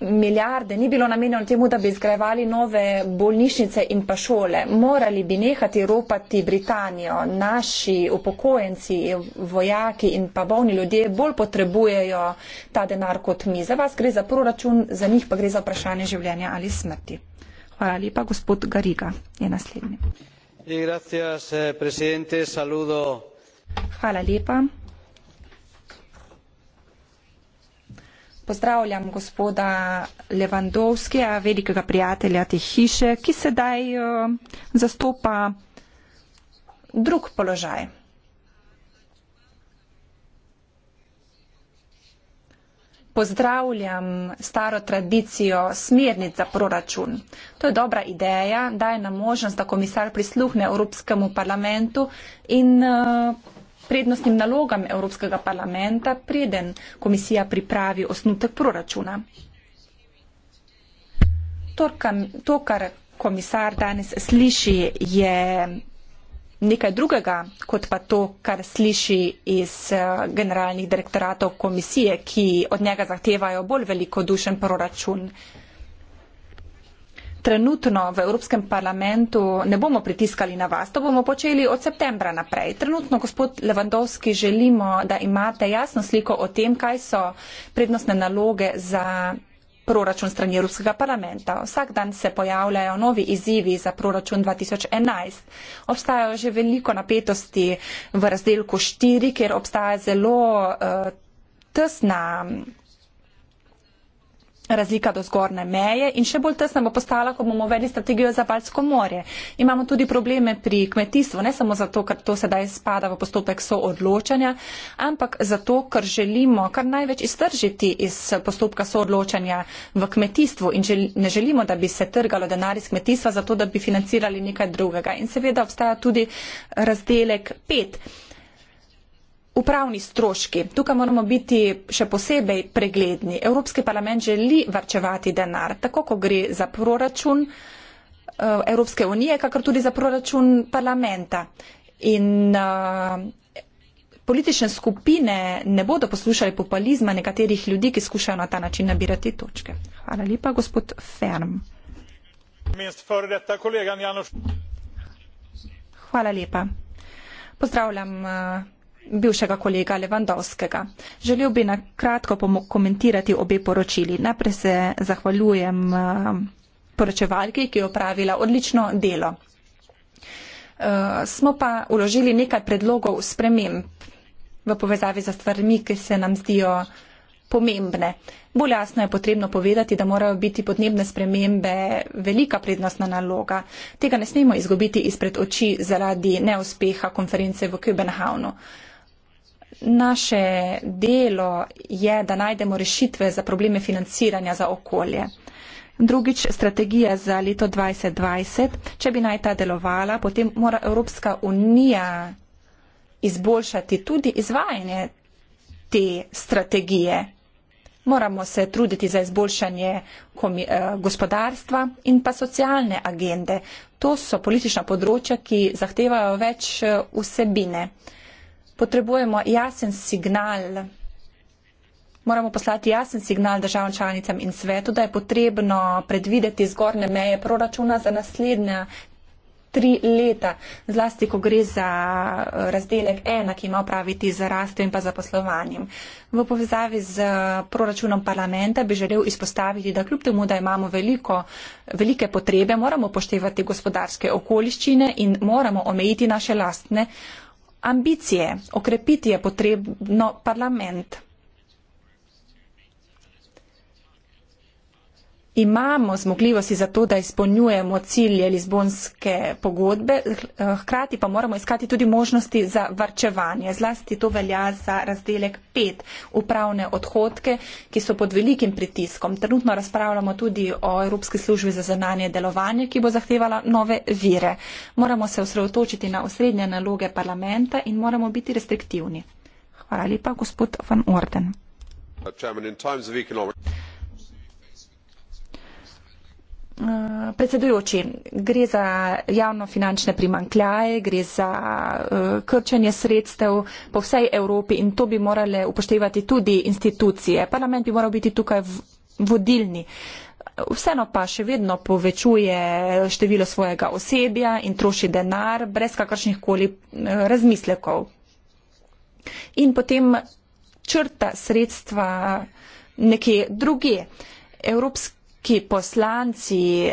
milijarde ni bilo namenjeno temu, da bi zgrajevali nove bolnišnice in pa šole. Morali bi nehati ropati Britanijo. Naši upokojenci, vojaki in pa bolni ljudje bolj potrebujejo ta denar kot mi. Za vas gre za proračun, za njih pa gre za vprašanje življenja ali smrti. Hvala lepa, gospod Gariga je naslednji. Eh, Hvala lepa. Pozdravljam gospoda Levandovskega, velikega prijatelja te hiše, ki sedaj eh, zastopa drug položaj. Pozdravljam staro tradicijo smernic za proračun. To je dobra ideja, daje nam možnost, da komisar prisluhne Evropskemu parlamentu in eh, prednostnim nalogam Evropskega parlamenta, preden komisija pripravi osnutek proračuna. To, kar komisar danes sliši, je nekaj drugega, kot pa to, kar sliši iz eh, generalnih direktoratov komisije, ki od njega zahtevajo bolj veliko dušen proračun trenutno v Evropskem parlamentu ne bomo pritiskali na vas, to bomo počeli od septembra naprej. Trenutno, gospod Levandovski, želimo, da imate jasno sliko o tem, kaj so prednostne naloge za proračun strani Evropskega parlamenta. Vsak dan se pojavljajo novi izzivi za proračun 2011. Obstajajo že veliko napetosti v razdelku 4, kjer obstaja zelo uh, tesna razlika do zgornje meje in še bolj tesna bo postala, ko bomo uvedli strategijo za Balsko morje. Imamo tudi probleme pri kmetijstvu, ne samo zato, ker to sedaj spada v postopek soodločanja, ampak zato, ker želimo kar največ iztržiti iz postopka soodločanja v kmetijstvu in žel, ne želimo, da bi se trgalo denar iz kmetijstva, zato da bi financirali nekaj drugega. In seveda obstaja tudi razdelek 5 upravni stroški. Tukaj moramo biti še posebej pregledni. Evropski parlament želi varčevati denar, tako ko gre za proračun eh, Evropske unije, kakor tudi za proračun parlamenta. In uh, politične skupine ne bodo poslušali populizma nekaterih ljudi, ki skušajo na ta način nabirati točke. Hvala lepa, gospod Ferm. Hvala lepa. Pozdravljam. Uh, bivšega kolega Levandovskega. Želel bi na kratko komentirati obe poročili. Najprej se zahvaljujem eh, poročevalki, ki je opravila odlično delo. Eh, smo pa uložili nekaj predlogov sprememb v povezavi za stvarmi, ki se nam zdijo pomembne. Bolj jasno je potrebno povedati, da morajo biti podnebne spremembe velika prednostna naloga. Tega ne smemo izgubiti izpred oči zaradi neuspeha konference v Kübenhavnu. Uh, naše delo je, da najdemo rešitve za probleme financiranja za okolje. Drugič, strategija za leto 2020. Če bi naj ta delovala, potem mora Evropska unija izboljšati tudi izvajanje te strategije. Moramo se truditi za izboljšanje eh, gospodarstva in pa socialne agende. To so politična področja, ki zahtevajo več eh, vsebine potrebujemo jasen signal. Moramo poslati jasen signal državam članicam in svetu, da je potrebno predvideti zgornje meje proračuna za naslednja tri leta, zlasti ko gre za eh, razdelek ena, ki ima opraviti z rastjo in pa zaposlovanjem. V povezavi z eh, proračunom parlamenta bi želel izpostaviti, da kljub temu, da imamo veliko, velike potrebe, moramo poštevati gospodarske okoliščine in moramo omejiti naše lastne ambicije, okrepiti je potrebno parlament. imamo zmogljivosti za to, da izpolnjujemo cilje Lizbonske pogodbe, eh, hkrati pa moramo iskati tudi možnosti za varčevanje. Zlasti to velja za razdelek 5 upravne odhodke, ki so pod velikim pritiskom. Trenutno razpravljamo tudi o Evropski službi za zananje delovanje, ki bo zahtevala nove vire. Moramo se osredotočiti na osrednje naloge parlamenta in moramo biti restriktivni. Hvala lepa, gospod Van Orden. Uh, chairman, Eh, predsedujoči, gre za javnofinančne primankljaje, gre za uh, krčenje sredstev po vsej Evropi in to bi morale upoštevati tudi institucije. Parlament bi moral biti tukaj vodilni. Vseeno pa še vedno povečuje število svojega osebja in troši denar brez kakršnih koli eh, razmislekov. In potem črta sredstva nekje druge. Evropski ki poslanci,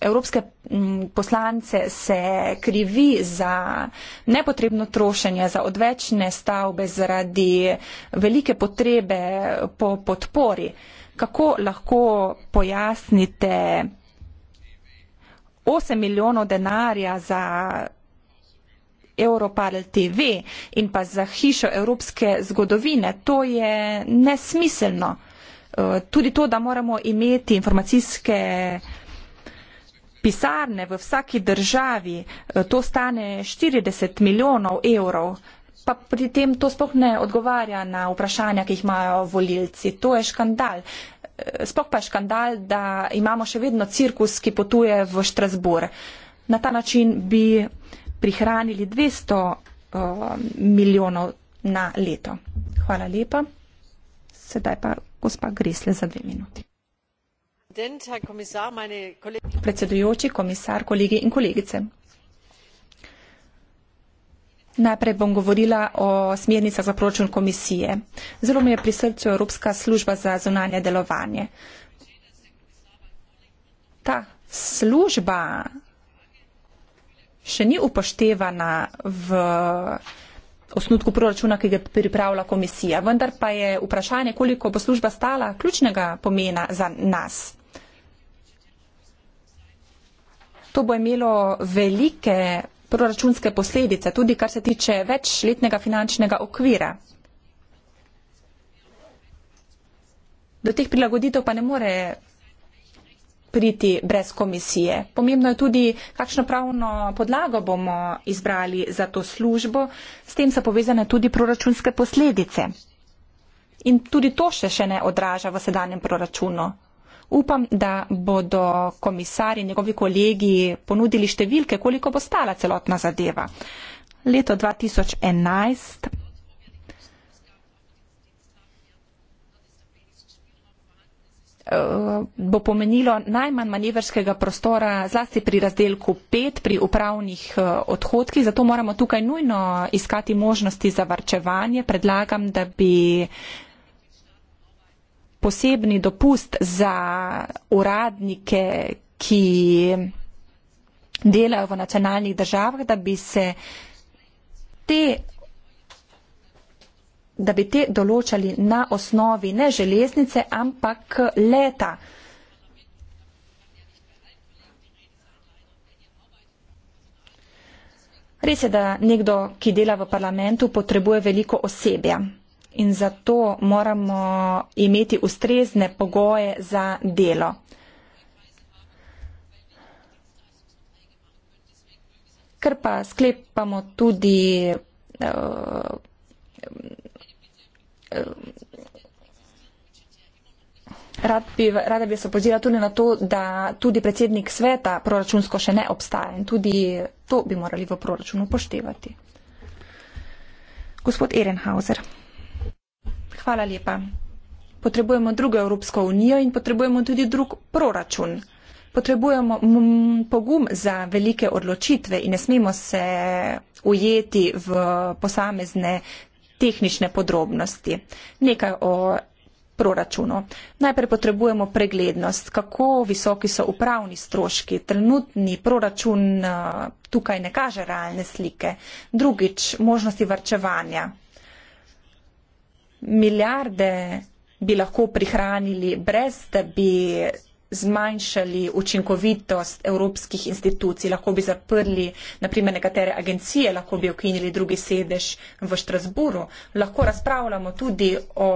evropske poslance se krivi za nepotrebno trošenje, za odvečne stavbe, zaradi velike potrebe po podpori. Kako lahko pojasnite 8 milijonov denarja za Europal TV in pa za hišo evropske zgodovine? To je nesmiselno. Eh, tudi to, da moramo imeti informacijske pisarne v vsaki državi, eh, to stane 40 milijonov evrov, pa pri tem to sploh ne odgovarja na vprašanja, ki jih imajo volilci. To je škandal. Eh, sploh pa je škandal, da imamo še vedno cirkus, ki potuje v Štrasbur. Na ta način bi prihranili 200 uh, milijonov na leto. Hvala lepa. Sedaj pa gospa Gresle za dve minuti. Predsedujoči komisar, kolegi in kolegice. Najprej bom govorila o smernicah za proračun komisije. Zelo mi je pri srcu Evropska služba za zunanje delovanje. Ta služba še ni upoštevana v osnutku proračuna, ki ga pripravlja komisija. Vendar pa je vprašanje, koliko bo služba stala, ključnega pomena za nas. To bo imelo velike proračunske posledice, tudi kar se tiče večletnega finančnega okvira. Do teh prilagoditev pa ne more priti brez komisije. Pomembno je tudi, kakšno pravno podlago bomo izbrali za to službo, s tem so povezane tudi proračunske posledice. In tudi to še, še ne odraža v sedanjem proračunu. Upam, da bodo komisar in njegovi kolegi ponudili številke, koliko bo stala celotna zadeva. Leto 2011. bo pomenilo najmanj manevrskega prostora, zlasti pri razdelku 5, pri upravnih eh, odhodkih. Zato moramo tukaj nujno iskati možnosti za varčevanje. Predlagam, da bi posebni dopust za uradnike, ki delajo v nacionalnih državah, da bi se te da bi te določali na osnovi ne železnice, ampak leta. Res je, da nekdo, ki dela v parlamentu, potrebuje veliko osebja in zato moramo imeti ustrezne pogoje za delo. Ker pa sklepamo tudi uh, Rad bi, rada bi se opozirala tudi na to, da tudi predsednik sveta proračunsko še ne obstaja in tudi to bi morali v proračunu poštevati. Gospod Ehrenhauser, hvala lepa. Potrebujemo drugo Evropsko unijo in potrebujemo tudi drug proračun. Potrebujemo pogum za velike odločitve in ne smemo se ujeti v posamezne tehnične podrobnosti. Nekaj o proračunu. Najprej potrebujemo preglednost, kako visoki so upravni stroški. Trenutni proračun eh, tukaj ne kaže realne slike. Drugič, možnosti varčevanja. Milijarde bi lahko prihranili brez, da bi zmanjšali učinkovitost evropskih institucij, lahko bi zaprli naprimer nekatere agencije, lahko bi okinili drugi sedež v Štrasburu. Lahko razpravljamo tudi o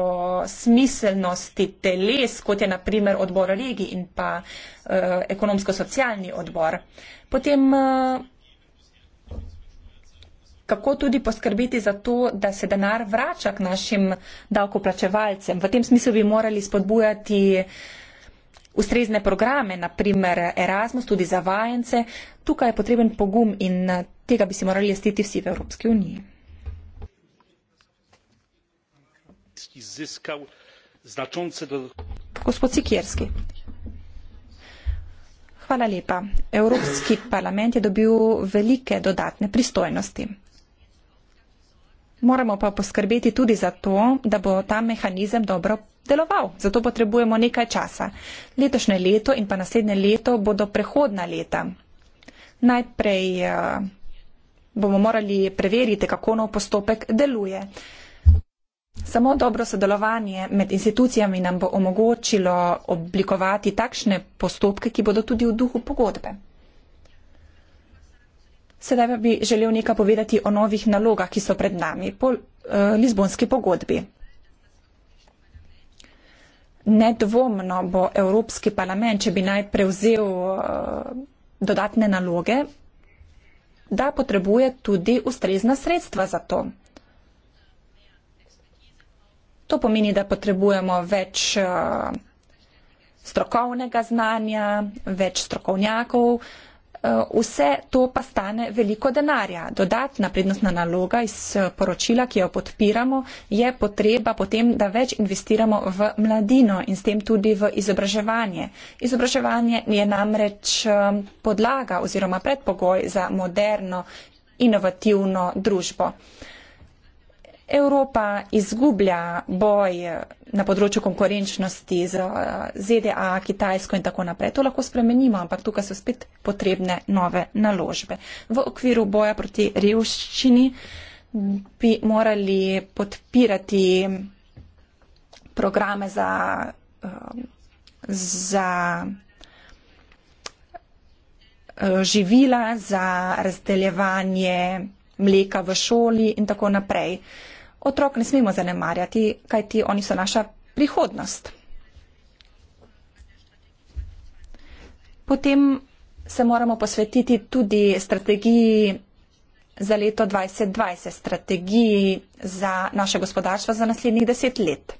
smiselnosti teles, kot je naprimer odbor regij in pa uh, ekonomsko-socialni odbor. Potem, eh, kako tudi poskrbiti za to, da se denar vrača k našim davkoplačevalcem. V tem smislu bi morali spodbujati uh, ustrezne programe, naprimer Erasmus, tudi za vajence. Tukaj je potreben pogum in eh, tega bi se morali jastiti vsi v Evropski uniji. Gospod Sikirski. Hvala lepa. Evropski parlament je dobil velike dodatne pristojnosti. Moramo pa poskrbeti tudi za to, da bo ta mehanizem dobro deloval. Zato potrebujemo nekaj časa. Letošnje leto in pa naslednje leto bodo prehodna leta. Najprej eh, bomo morali preveriti, kako nov postopek deluje. Samo dobro sodelovanje med institucijami nam bo omogočilo oblikovati takšne postopke, ki bodo tudi v duhu pogodbe. Sedaj pa bi želel nekaj povedati o novih nalogah, ki so pred nami po eh, Lizbonski pogodbi. Nedvomno bo Evropski parlament, če bi naj prevzel eh, dodatne naloge, da potrebuje tudi ustrezna sredstva za to. To pomeni, da potrebujemo več eh, strokovnega znanja, več strokovnjakov, eh, Eh, vse to pa stane veliko denarja. Dodatna prednostna naloga iz eh, poročila, ki jo podpiramo, je potreba potem, da več investiramo v mladino in s tem tudi v izobraževanje. Izobraževanje je namreč eh, podlaga oziroma predpogoj za moderno, inovativno družbo. Evropa izgublja boj na področju konkurenčnosti z eh, ZDA, Kitajsko in tako naprej. To lahko spremenimo, ampak tukaj so spet potrebne nove naložbe. V okviru boja proti revščini bi morali podpirati programe za, eh, za eh, živila, za razdeljevanje mleka v šoli in tako naprej otrok ne smemo zanemarjati, kajti oni so naša prihodnost. Potem se moramo posvetiti tudi strategiji za leto 2020, strategiji za naše gospodarstvo za naslednjih deset let.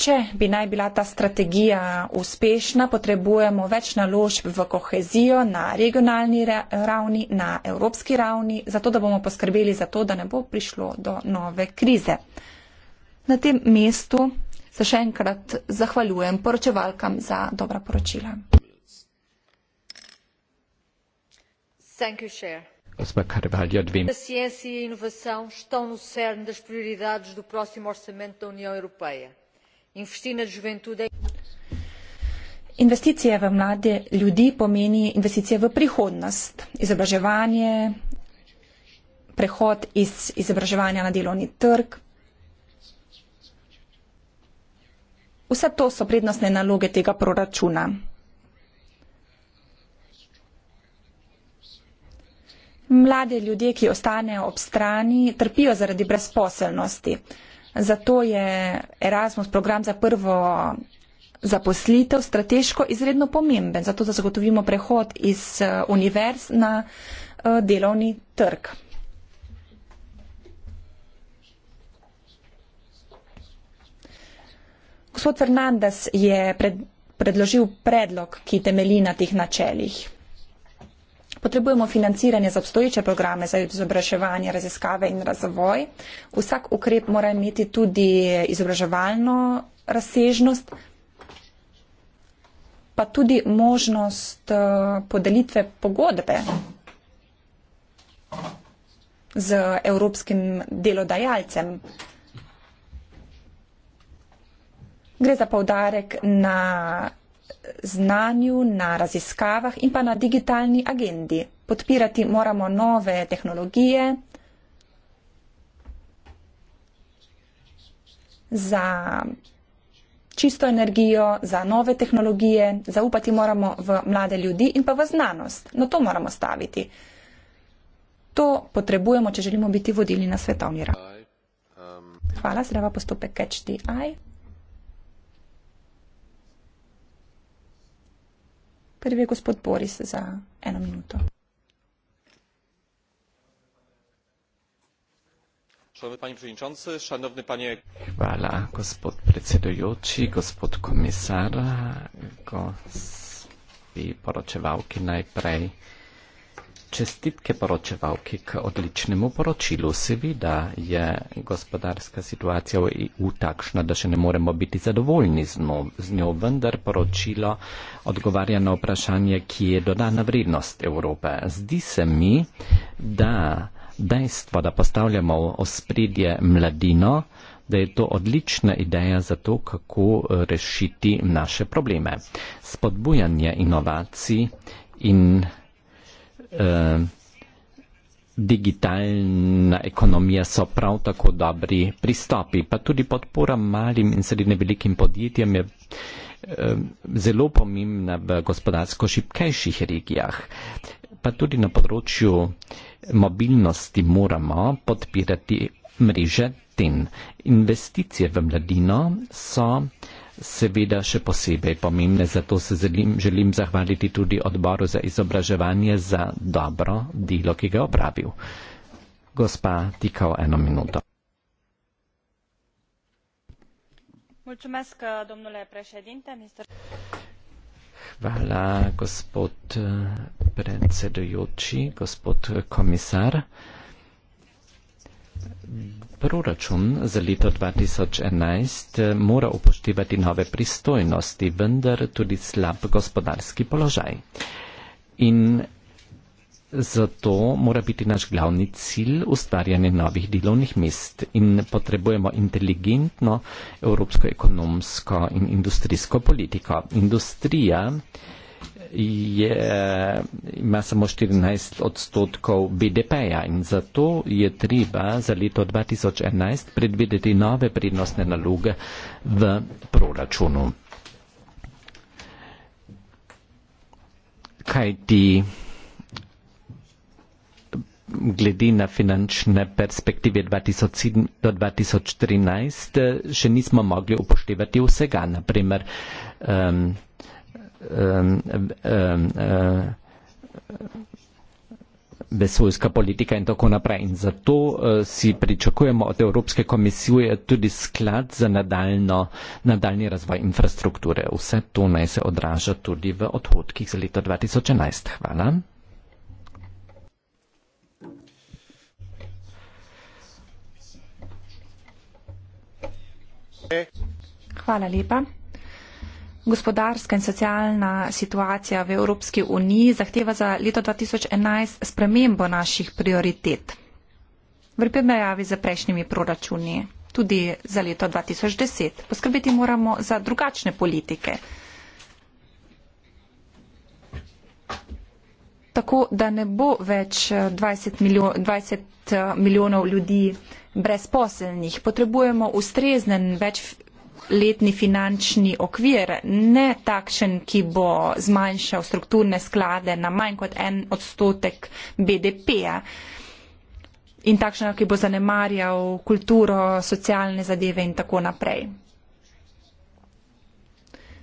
Če bi naj bila ta strategija uspešna, potrebujemo več naložb v kohezijo na regionalni ravni, na evropski ravni, zato da bomo poskrbeli za to, da ne bo prišlo do nove krize. Na tem mestu se še enkrat zahvaljujem poročevalkam za dobra poročila. Gospa Karvalja, dve minuti. Ciencija in e inovacija sta no v središču prioritet do prosim orsamenta Unije Evropeje. Investicije v mlade ljudi pomeni investicije v prihodnost, izobraževanje, prehod iz izobraževanja na delovni trg. Vse to so prednostne naloge tega proračuna. Mlade ljudje, ki ostanejo ob strani, trpijo zaradi brezposelnosti. Zato je Erasmus program za prvo zaposlitev strateško izredno pomemben, zato da zagotovimo prehod iz eh, univerz na eh, delovni trg. Gospod Fernandez je pred, predložil predlog, ki temeli na teh načeljih. Potrebujemo financiranje za obstoječe programe za izobraževanje, raziskave in razvoj. Vsak ukrep mora imeti tudi izobraževalno razsežnost, pa tudi možnost eh, podelitve pogodbe z evropskim delodajalcem. Gre za povdarek na znanju, na raziskavah in pa na digitalni agendi. Podpirati moramo nove tehnologije za čisto energijo, za nove tehnologije, zaupati moramo v mlade ljudi in pa v znanost. Na no, to moramo staviti. To potrebujemo, če želimo biti vodilni na svetovni ravni. Hvala, zdrava postopek HDI. Prvi je gospod Boris za eno minuto. Hvala, gospod predsedujoči, gospod komisar, gospod poročevalki najprej čestitke poročevalki k odličnemu poročilu. Seveda je gospodarska situacija v EU takšna, da še ne moremo biti zadovoljni z njo, z njo, vendar poročilo odgovarja na vprašanje, ki je dodana vrednost Evrope. Zdi se mi, da dejstvo, da postavljamo v ospredje mladino, da je to odlična ideja za to, kako eh, rešiti naše probleme. Spodbujanje inovacij in Eh, digitalna ekonomija so prav tako dobri pristopi. Pa tudi podpora malim in srednje velikim podjetjem je eh, zelo pomembna v gospodarsko šipkejših regijah. Pa tudi na področju mobilnosti moramo podpirati mreže TEN. Investicije v mladino so seveda še posebej pomembne, zato se želim, želim zahvaliti tudi odboru za izobraževanje za dobro delo, ki ga je opravil. Gospa Tikao, eno minuto. Hvala, gospod eh, predsedujoči, gospod eh, komisar. Proračun za leto 2011 eh, mora upoštevati nove pristojnosti, vendar tudi slab gospodarski položaj. In zato mora biti naš glavni cilj ustvarjanje novih delovnih mest in potrebujemo inteligentno evropsko ekonomsko in industrijsko politiko. Industrija je, ima samo 14 odstotkov BDP-ja in zato je treba za leto 2011 predvideti nove prednostne naloge v proračunu. Kaj ti glede na finančne perspektive 2007 do 2013 eh, še nismo mogli upoštevati vsega, naprimer um, ehm, vesoljska politika in tako naprej. In zato uh, si pričakujemo od Evropske komisije tudi sklad za nadaljno, nadaljni razvoj infrastrukture. Vse to naj se odraža tudi v odhodkih za leto 2011. Hvala. Hvala lepa. Gospodarska in socialna situacija v Evropski uniji zahteva za leto 2011 spremembo naših prioritet. V primerjavi z prejšnjimi proračuni, tudi za leto 2010, poskrbeti moramo za drugačne politike. Tako, da ne bo več 20, milijo, 20 eh, milijonov ljudi brezposelnih, potrebujemo ustrezne, več letni finančni okvir, ne takšen, ki bo zmanjšal strukturne sklade na manj kot en odstotek BDP-ja in takšen, ki bo zanemarjal kulturo, socialne zadeve in tako naprej.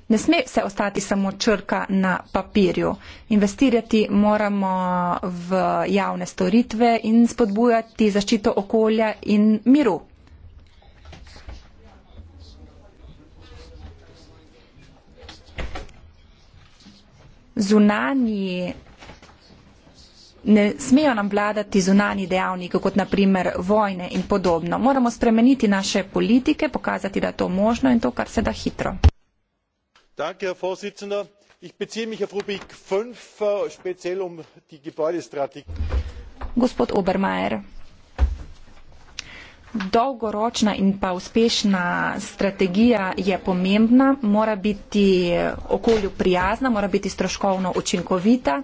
Ne sme se ostati samo črka na papirju. Investirati moramo v javne storitve in spodbujati zaščito okolja in miru. zunanji Ne smejo nam vladati zunani dejavniki, kot naprimer vojne in podobno. Moramo spremeniti naše politike, pokazati, da je to možno in to, kar se da hitro. Danke, herr Vorsitzender. Ich beziehe mich auf Rubrik 5, äh, speziell um die Gebäudestrategie. Gospod Obermeier dolgoročna in pa uspešna strategija je pomembna, mora biti eh, okolju prijazna, mora biti stroškovno učinkovita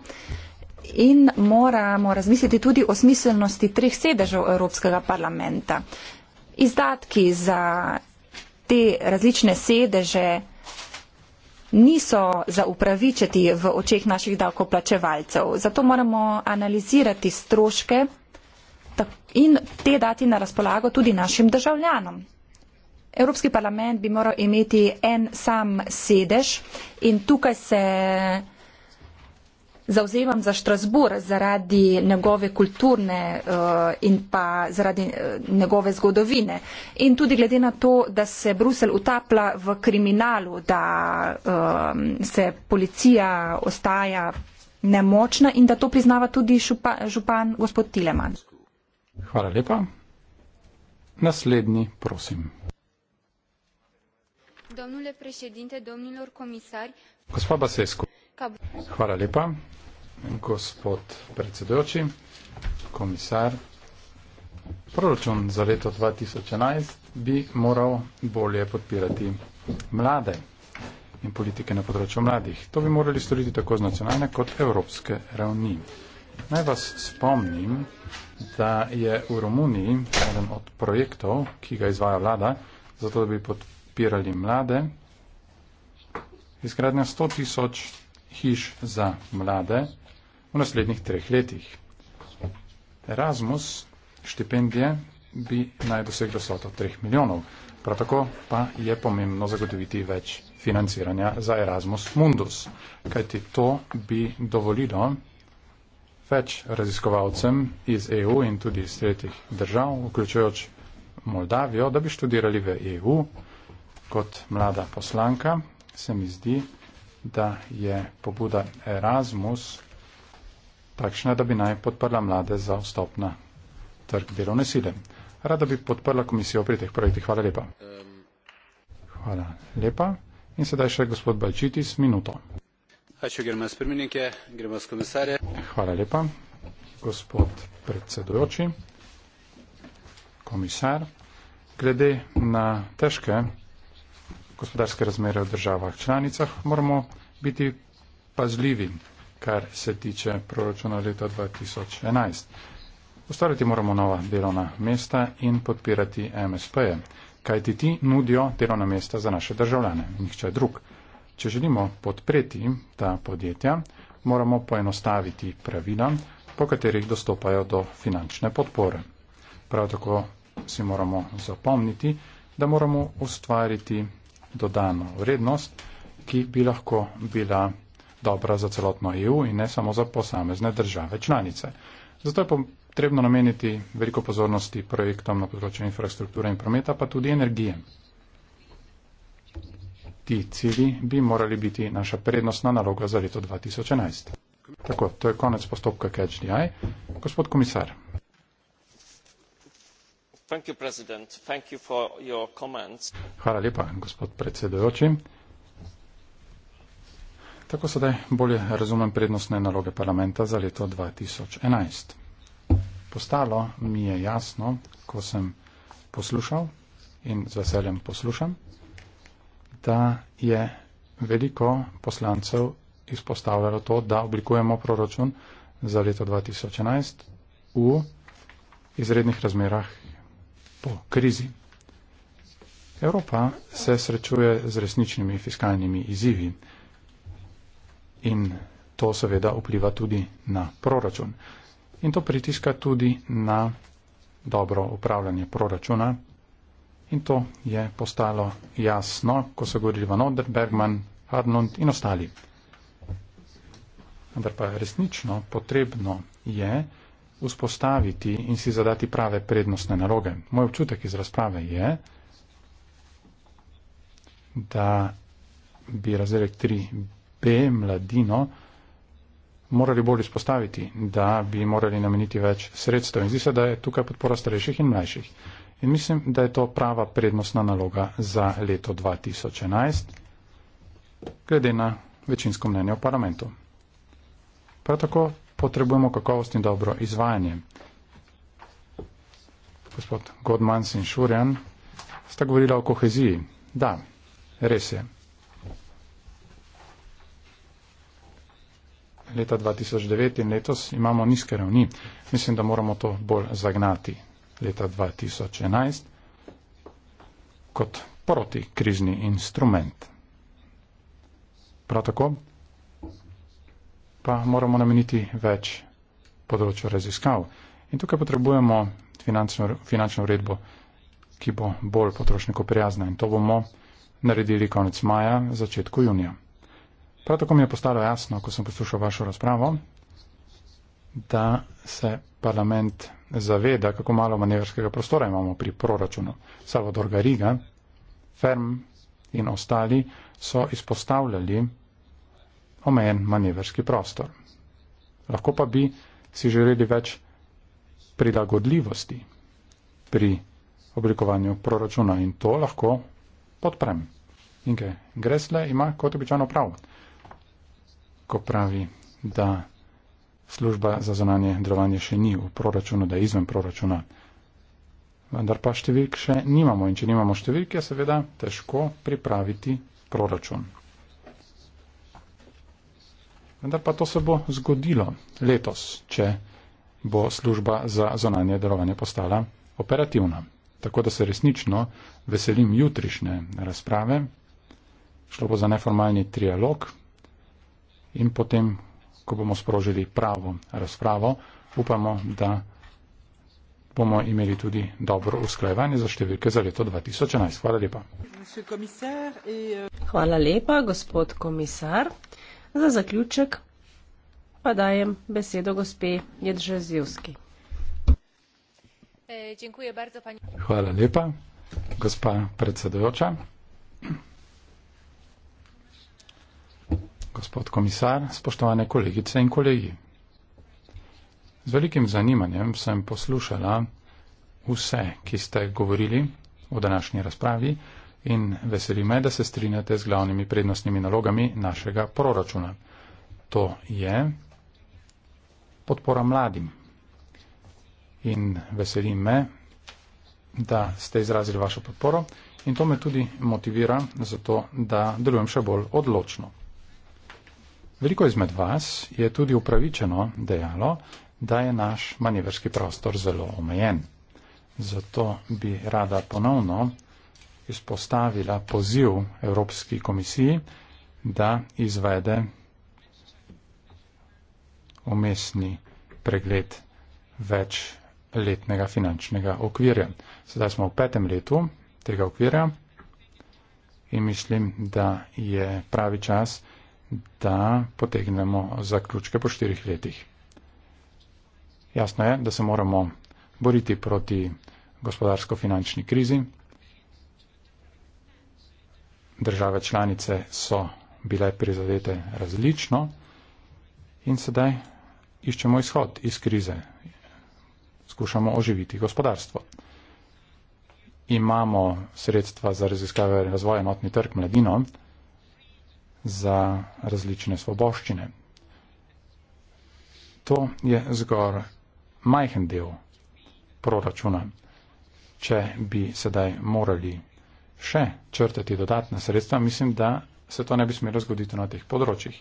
in moramo razmisliti tudi o smiselnosti treh sedežev Evropskega parlamenta. Izdatki za te različne sedeže niso za upravičiti v očeh naših davkoplačevalcev. Zato moramo analizirati stroške in te dati na razpolago tudi našim državljanom. Evropski parlament bi moral imeti en sam sedež in tukaj se zauzemam za Štrasbur zaradi njegove kulturne eh, in pa zaradi eh, njegove zgodovine. In tudi glede na to, da se Brusel utaplja v kriminalu, da eh, se policija ostaja nemočna in da to priznava tudi župan, župan gospod Tilemans. Hvala lepa. Naslednji, prosim. Domnule predsednik, domnilor komisar. Gospa Basesko. Hvala lepa. Gospod predsedujoči, komisar. Proračun za leto 2011 bi moral bolje podpirati mlade in politike na področju mladih. To bi morali storiti tako z nacionalne kot evropske ravni. Naj vas spomnim, da je v Romuniji eden od projektov, ki ga izvaja vlada, zato da bi podpirali mlade, izgradnja 100 tisoč hiš za mlade v naslednjih treh letih. Erasmus štipendije bi naj dosegla soto 3 milijonov. Prav tako pa je pomembno zagotoviti več financiranja za Erasmus Mundus, kajti to bi dovolilo več raziskovalcem iz EU in tudi iz tretjih držav, vključujoč Moldavijo, da bi študirali v EU. Kot mlada poslanka se mi zdi, da je pobuda Erasmus takšna, da bi naj podprla mlade za vstop na trg delovne sile. Rada bi podprla komisijo pri teh projektih. Hvala lepa. Hvala lepa. In sedaj še gospod Balčiti s minuto komisar glede na težke gospodarske razmere v državah članicah moramo biti pazljivi kar se tiče proračuna leta 2011. Ustvariti moramo nova delovna mesta in podpirati MSP-je, kajti ti nudijo delovna mesta za naše državljane, nihče drug. Če želimo podpreti ta podjetja, moramo poenostaviti pravila, po katerih dostopajo do finančne podpore. Prav tako si moramo zapomniti, da moramo ustvariti dodano vrednost, ki bi lahko bila dobra za celotno EU in ne samo za posamezne države članice. Zato je potrebno nameniti veliko pozornosti projektom na področju infrastrukture in prometa, pa tudi energije. Ti cilji bi morali biti naša prednostna naloga za leto 2011. Tako, to je konec postopka KHDI. Gospod komisar. Hvala lepa, gospod predsedujoči. Tako sedaj bolje razumem prednostne naloge parlamenta za leto 2011. Postalo mi je jasno, ko sem poslušal in z veseljem poslušam da je veliko poslancev izpostavljalo to, da oblikujemo proračun za leto 2011 v izrednih razmerah po krizi. Evropa se srečuje z resničnimi fiskalnimi izzivi in to seveda vpliva tudi na proračun. In to pritiska tudi na dobro upravljanje proračuna, in to je postalo jasno, ko so govorili Van Oder, Bergman, Arnold in ostali. Vendar pa resnično potrebno je vzpostaviti in si zadati prave prednostne naloge. Moj občutek iz razprave je, da bi razredek 3B mladino morali bolj izpostaviti, da bi morali nameniti več sredstev. In zdi se, da je tukaj podpora starejših in mlajših. In mislim, da je to prava prednostna naloga za leto 2011, glede na večinsko mnenje v parlamentu. Prav tako potrebujemo kakovost in dobro izvajanje. Gospod Godmans in Šurjan sta govorila o koheziji. Da, res je. Leta 2009 in letos imamo nizke ravni. Mislim, da moramo to bolj zagnati leta 2011 kot protikrizni instrument. Prav tako pa moramo nameniti več področju raziskav. In tukaj potrebujemo finančno, finančno uredbo, ki bo bolj potrošniku prijazna. In to bomo naredili konec maja, začetku junija. Prav tako mi je postalo jasno, ko sem poslušal vašo razpravo, da se parlament zaveda, kako malo manevrskega prostora imamo pri proračunu. Salvador Gariga, Ferm in ostali so izpostavljali omejen manevrski prostor. Lahko pa bi si želeli več prilagodljivosti pri oblikovanju proračuna in to lahko podprem. Inke Gresle ima kot običajno prav, ko pravi, da služba za zonanje delovanje še ni v proračunu, da je izven proračuna. Vendar pa številk še nimamo in če nimamo številke, seveda težko pripraviti proračun. Vendar pa to se bo zgodilo letos, če bo služba za zonanje delovanje postala operativna. Tako da se resnično veselim jutrišnje razprave. Šlo bo za neformalni trialog in potem ko bomo sprožili pravo razpravo, upamo, da bomo imeli tudi dobro usklajevanje za številke za leto 2011. Hvala lepa. Euh, Hvala lepa, gospod komisar. Za zaključek pa dajem besedo gospe Jedrzezivski. Eh, Hvala lepa, gospa predsedujoča. gospod komisar, spoštovane kolegice in kolegi. Z velikim zanimanjem sem poslušala vse, ki ste govorili v današnji razpravi in veseli me, da se strinjate z glavnimi prednostnimi nalogami našega proračuna. To je podpora mladim. In veseli me, da ste izrazili vašo podporo in to me tudi motivira za to, da delujem še bolj odločno. Veliko izmed vas je tudi upravičeno dejalo, da je naš manevrski prostor zelo omejen. Zato bi rada ponovno izpostavila poziv Evropski komisiji, da izvede umestni pregled večletnega finančnega okvirja. Sedaj smo v petem letu tega okvirja in mislim, da je pravi čas, da da potegnemo zaključke po štirih letih. Jasno je, da se moramo boriti proti gospodarsko-finančni krizi. Države članice so bile prizadete različno in sedaj iščemo izhod iz krize. Skušamo oživiti gospodarstvo. Imamo sredstva za raziskave razvoja enotni trg mladino, za različne svoboščine. To je zgor majhen del proračuna. Če bi sedaj morali še črtati dodatna sredstva, mislim, da se to ne bi smelo zgoditi na teh področjih.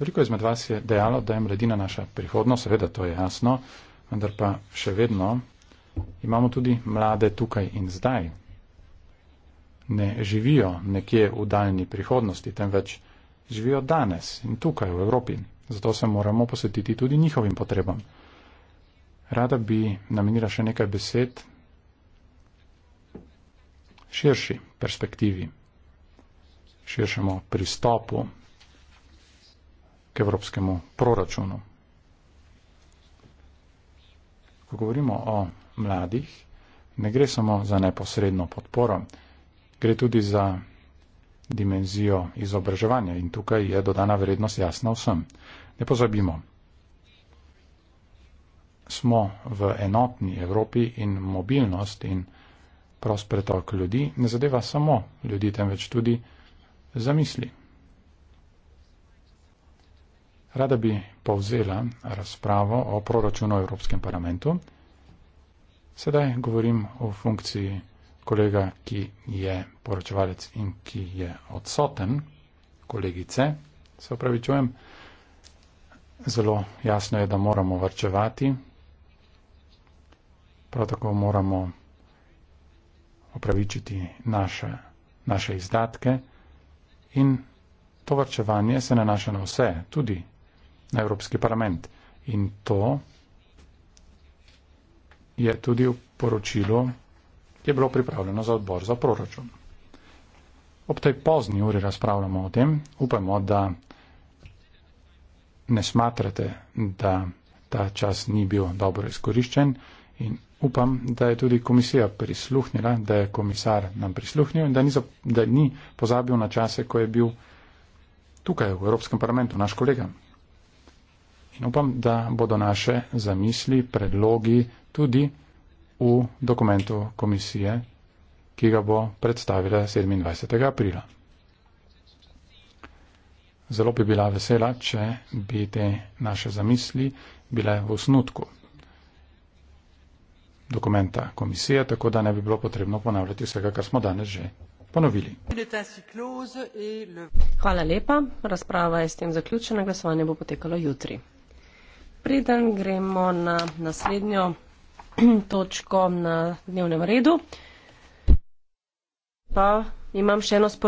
Veliko izmed vas je dejalo, da je mladina naša prihodnost, seveda to je jasno, vendar pa še vedno imamo tudi mlade tukaj in zdaj. Ne živijo nekje v daljni prihodnosti, temveč živijo danes in tukaj v Evropi. Zato se moramo posvetiti tudi njihovim potrebam. Rada bi namenila še nekaj besed širši perspektivi, širšemu pristopu k evropskemu proračunu. Ko govorimo o mladih, ne gre samo za neposredno podporo, gre tudi za dimenzijo izobraževanja in tukaj je dodana vrednost jasna vsem. Ne pozabimo, smo v enotni Evropi in mobilnost in prost pretok ljudi ne zadeva samo ljudi, temveč tudi zamisli. Rada bi povzela razpravo o proračunu v Evropskem parlamentu. Sedaj govorim o funkciji kolega, ki je poročevalec in ki je odsoten, kolegice, se upravičujem, zelo jasno je, da moramo vrčevati, prav tako moramo upravičiti naše, naše izdatke in to vrčevanje se nanaša na vse, tudi na Evropski parlament. In to je tudi poročilo je bilo pripravljeno za odbor za proračun. Ob tej pozni uri razpravljamo o tem, upajmo, da ne smatrate, da ta čas ni bil dobro izkoriščen in upam, da je tudi komisija prisluhnila, da je komisar nam prisluhnil in da ni, da ni pozabil na čase, ko je bil tukaj v Evropskem parlamentu naš kolega. In upam, da bodo naše zamisli, predlogi tudi v dokumentu komisije, ki ga bo predstavila 27. aprila. Zelo bi bila vesela, če bi te naše zamisli bile v osnutku dokumenta komisije, tako da ne bi bilo potrebno ponavljati vsega, kar smo danes že ponovili. Hvala lepa. Razprava je s tem zaključena. Glasovanje bo potekalo jutri. Preden gremo na naslednjo. točko na dnevnem redu. Pa imam še eno sporočilo.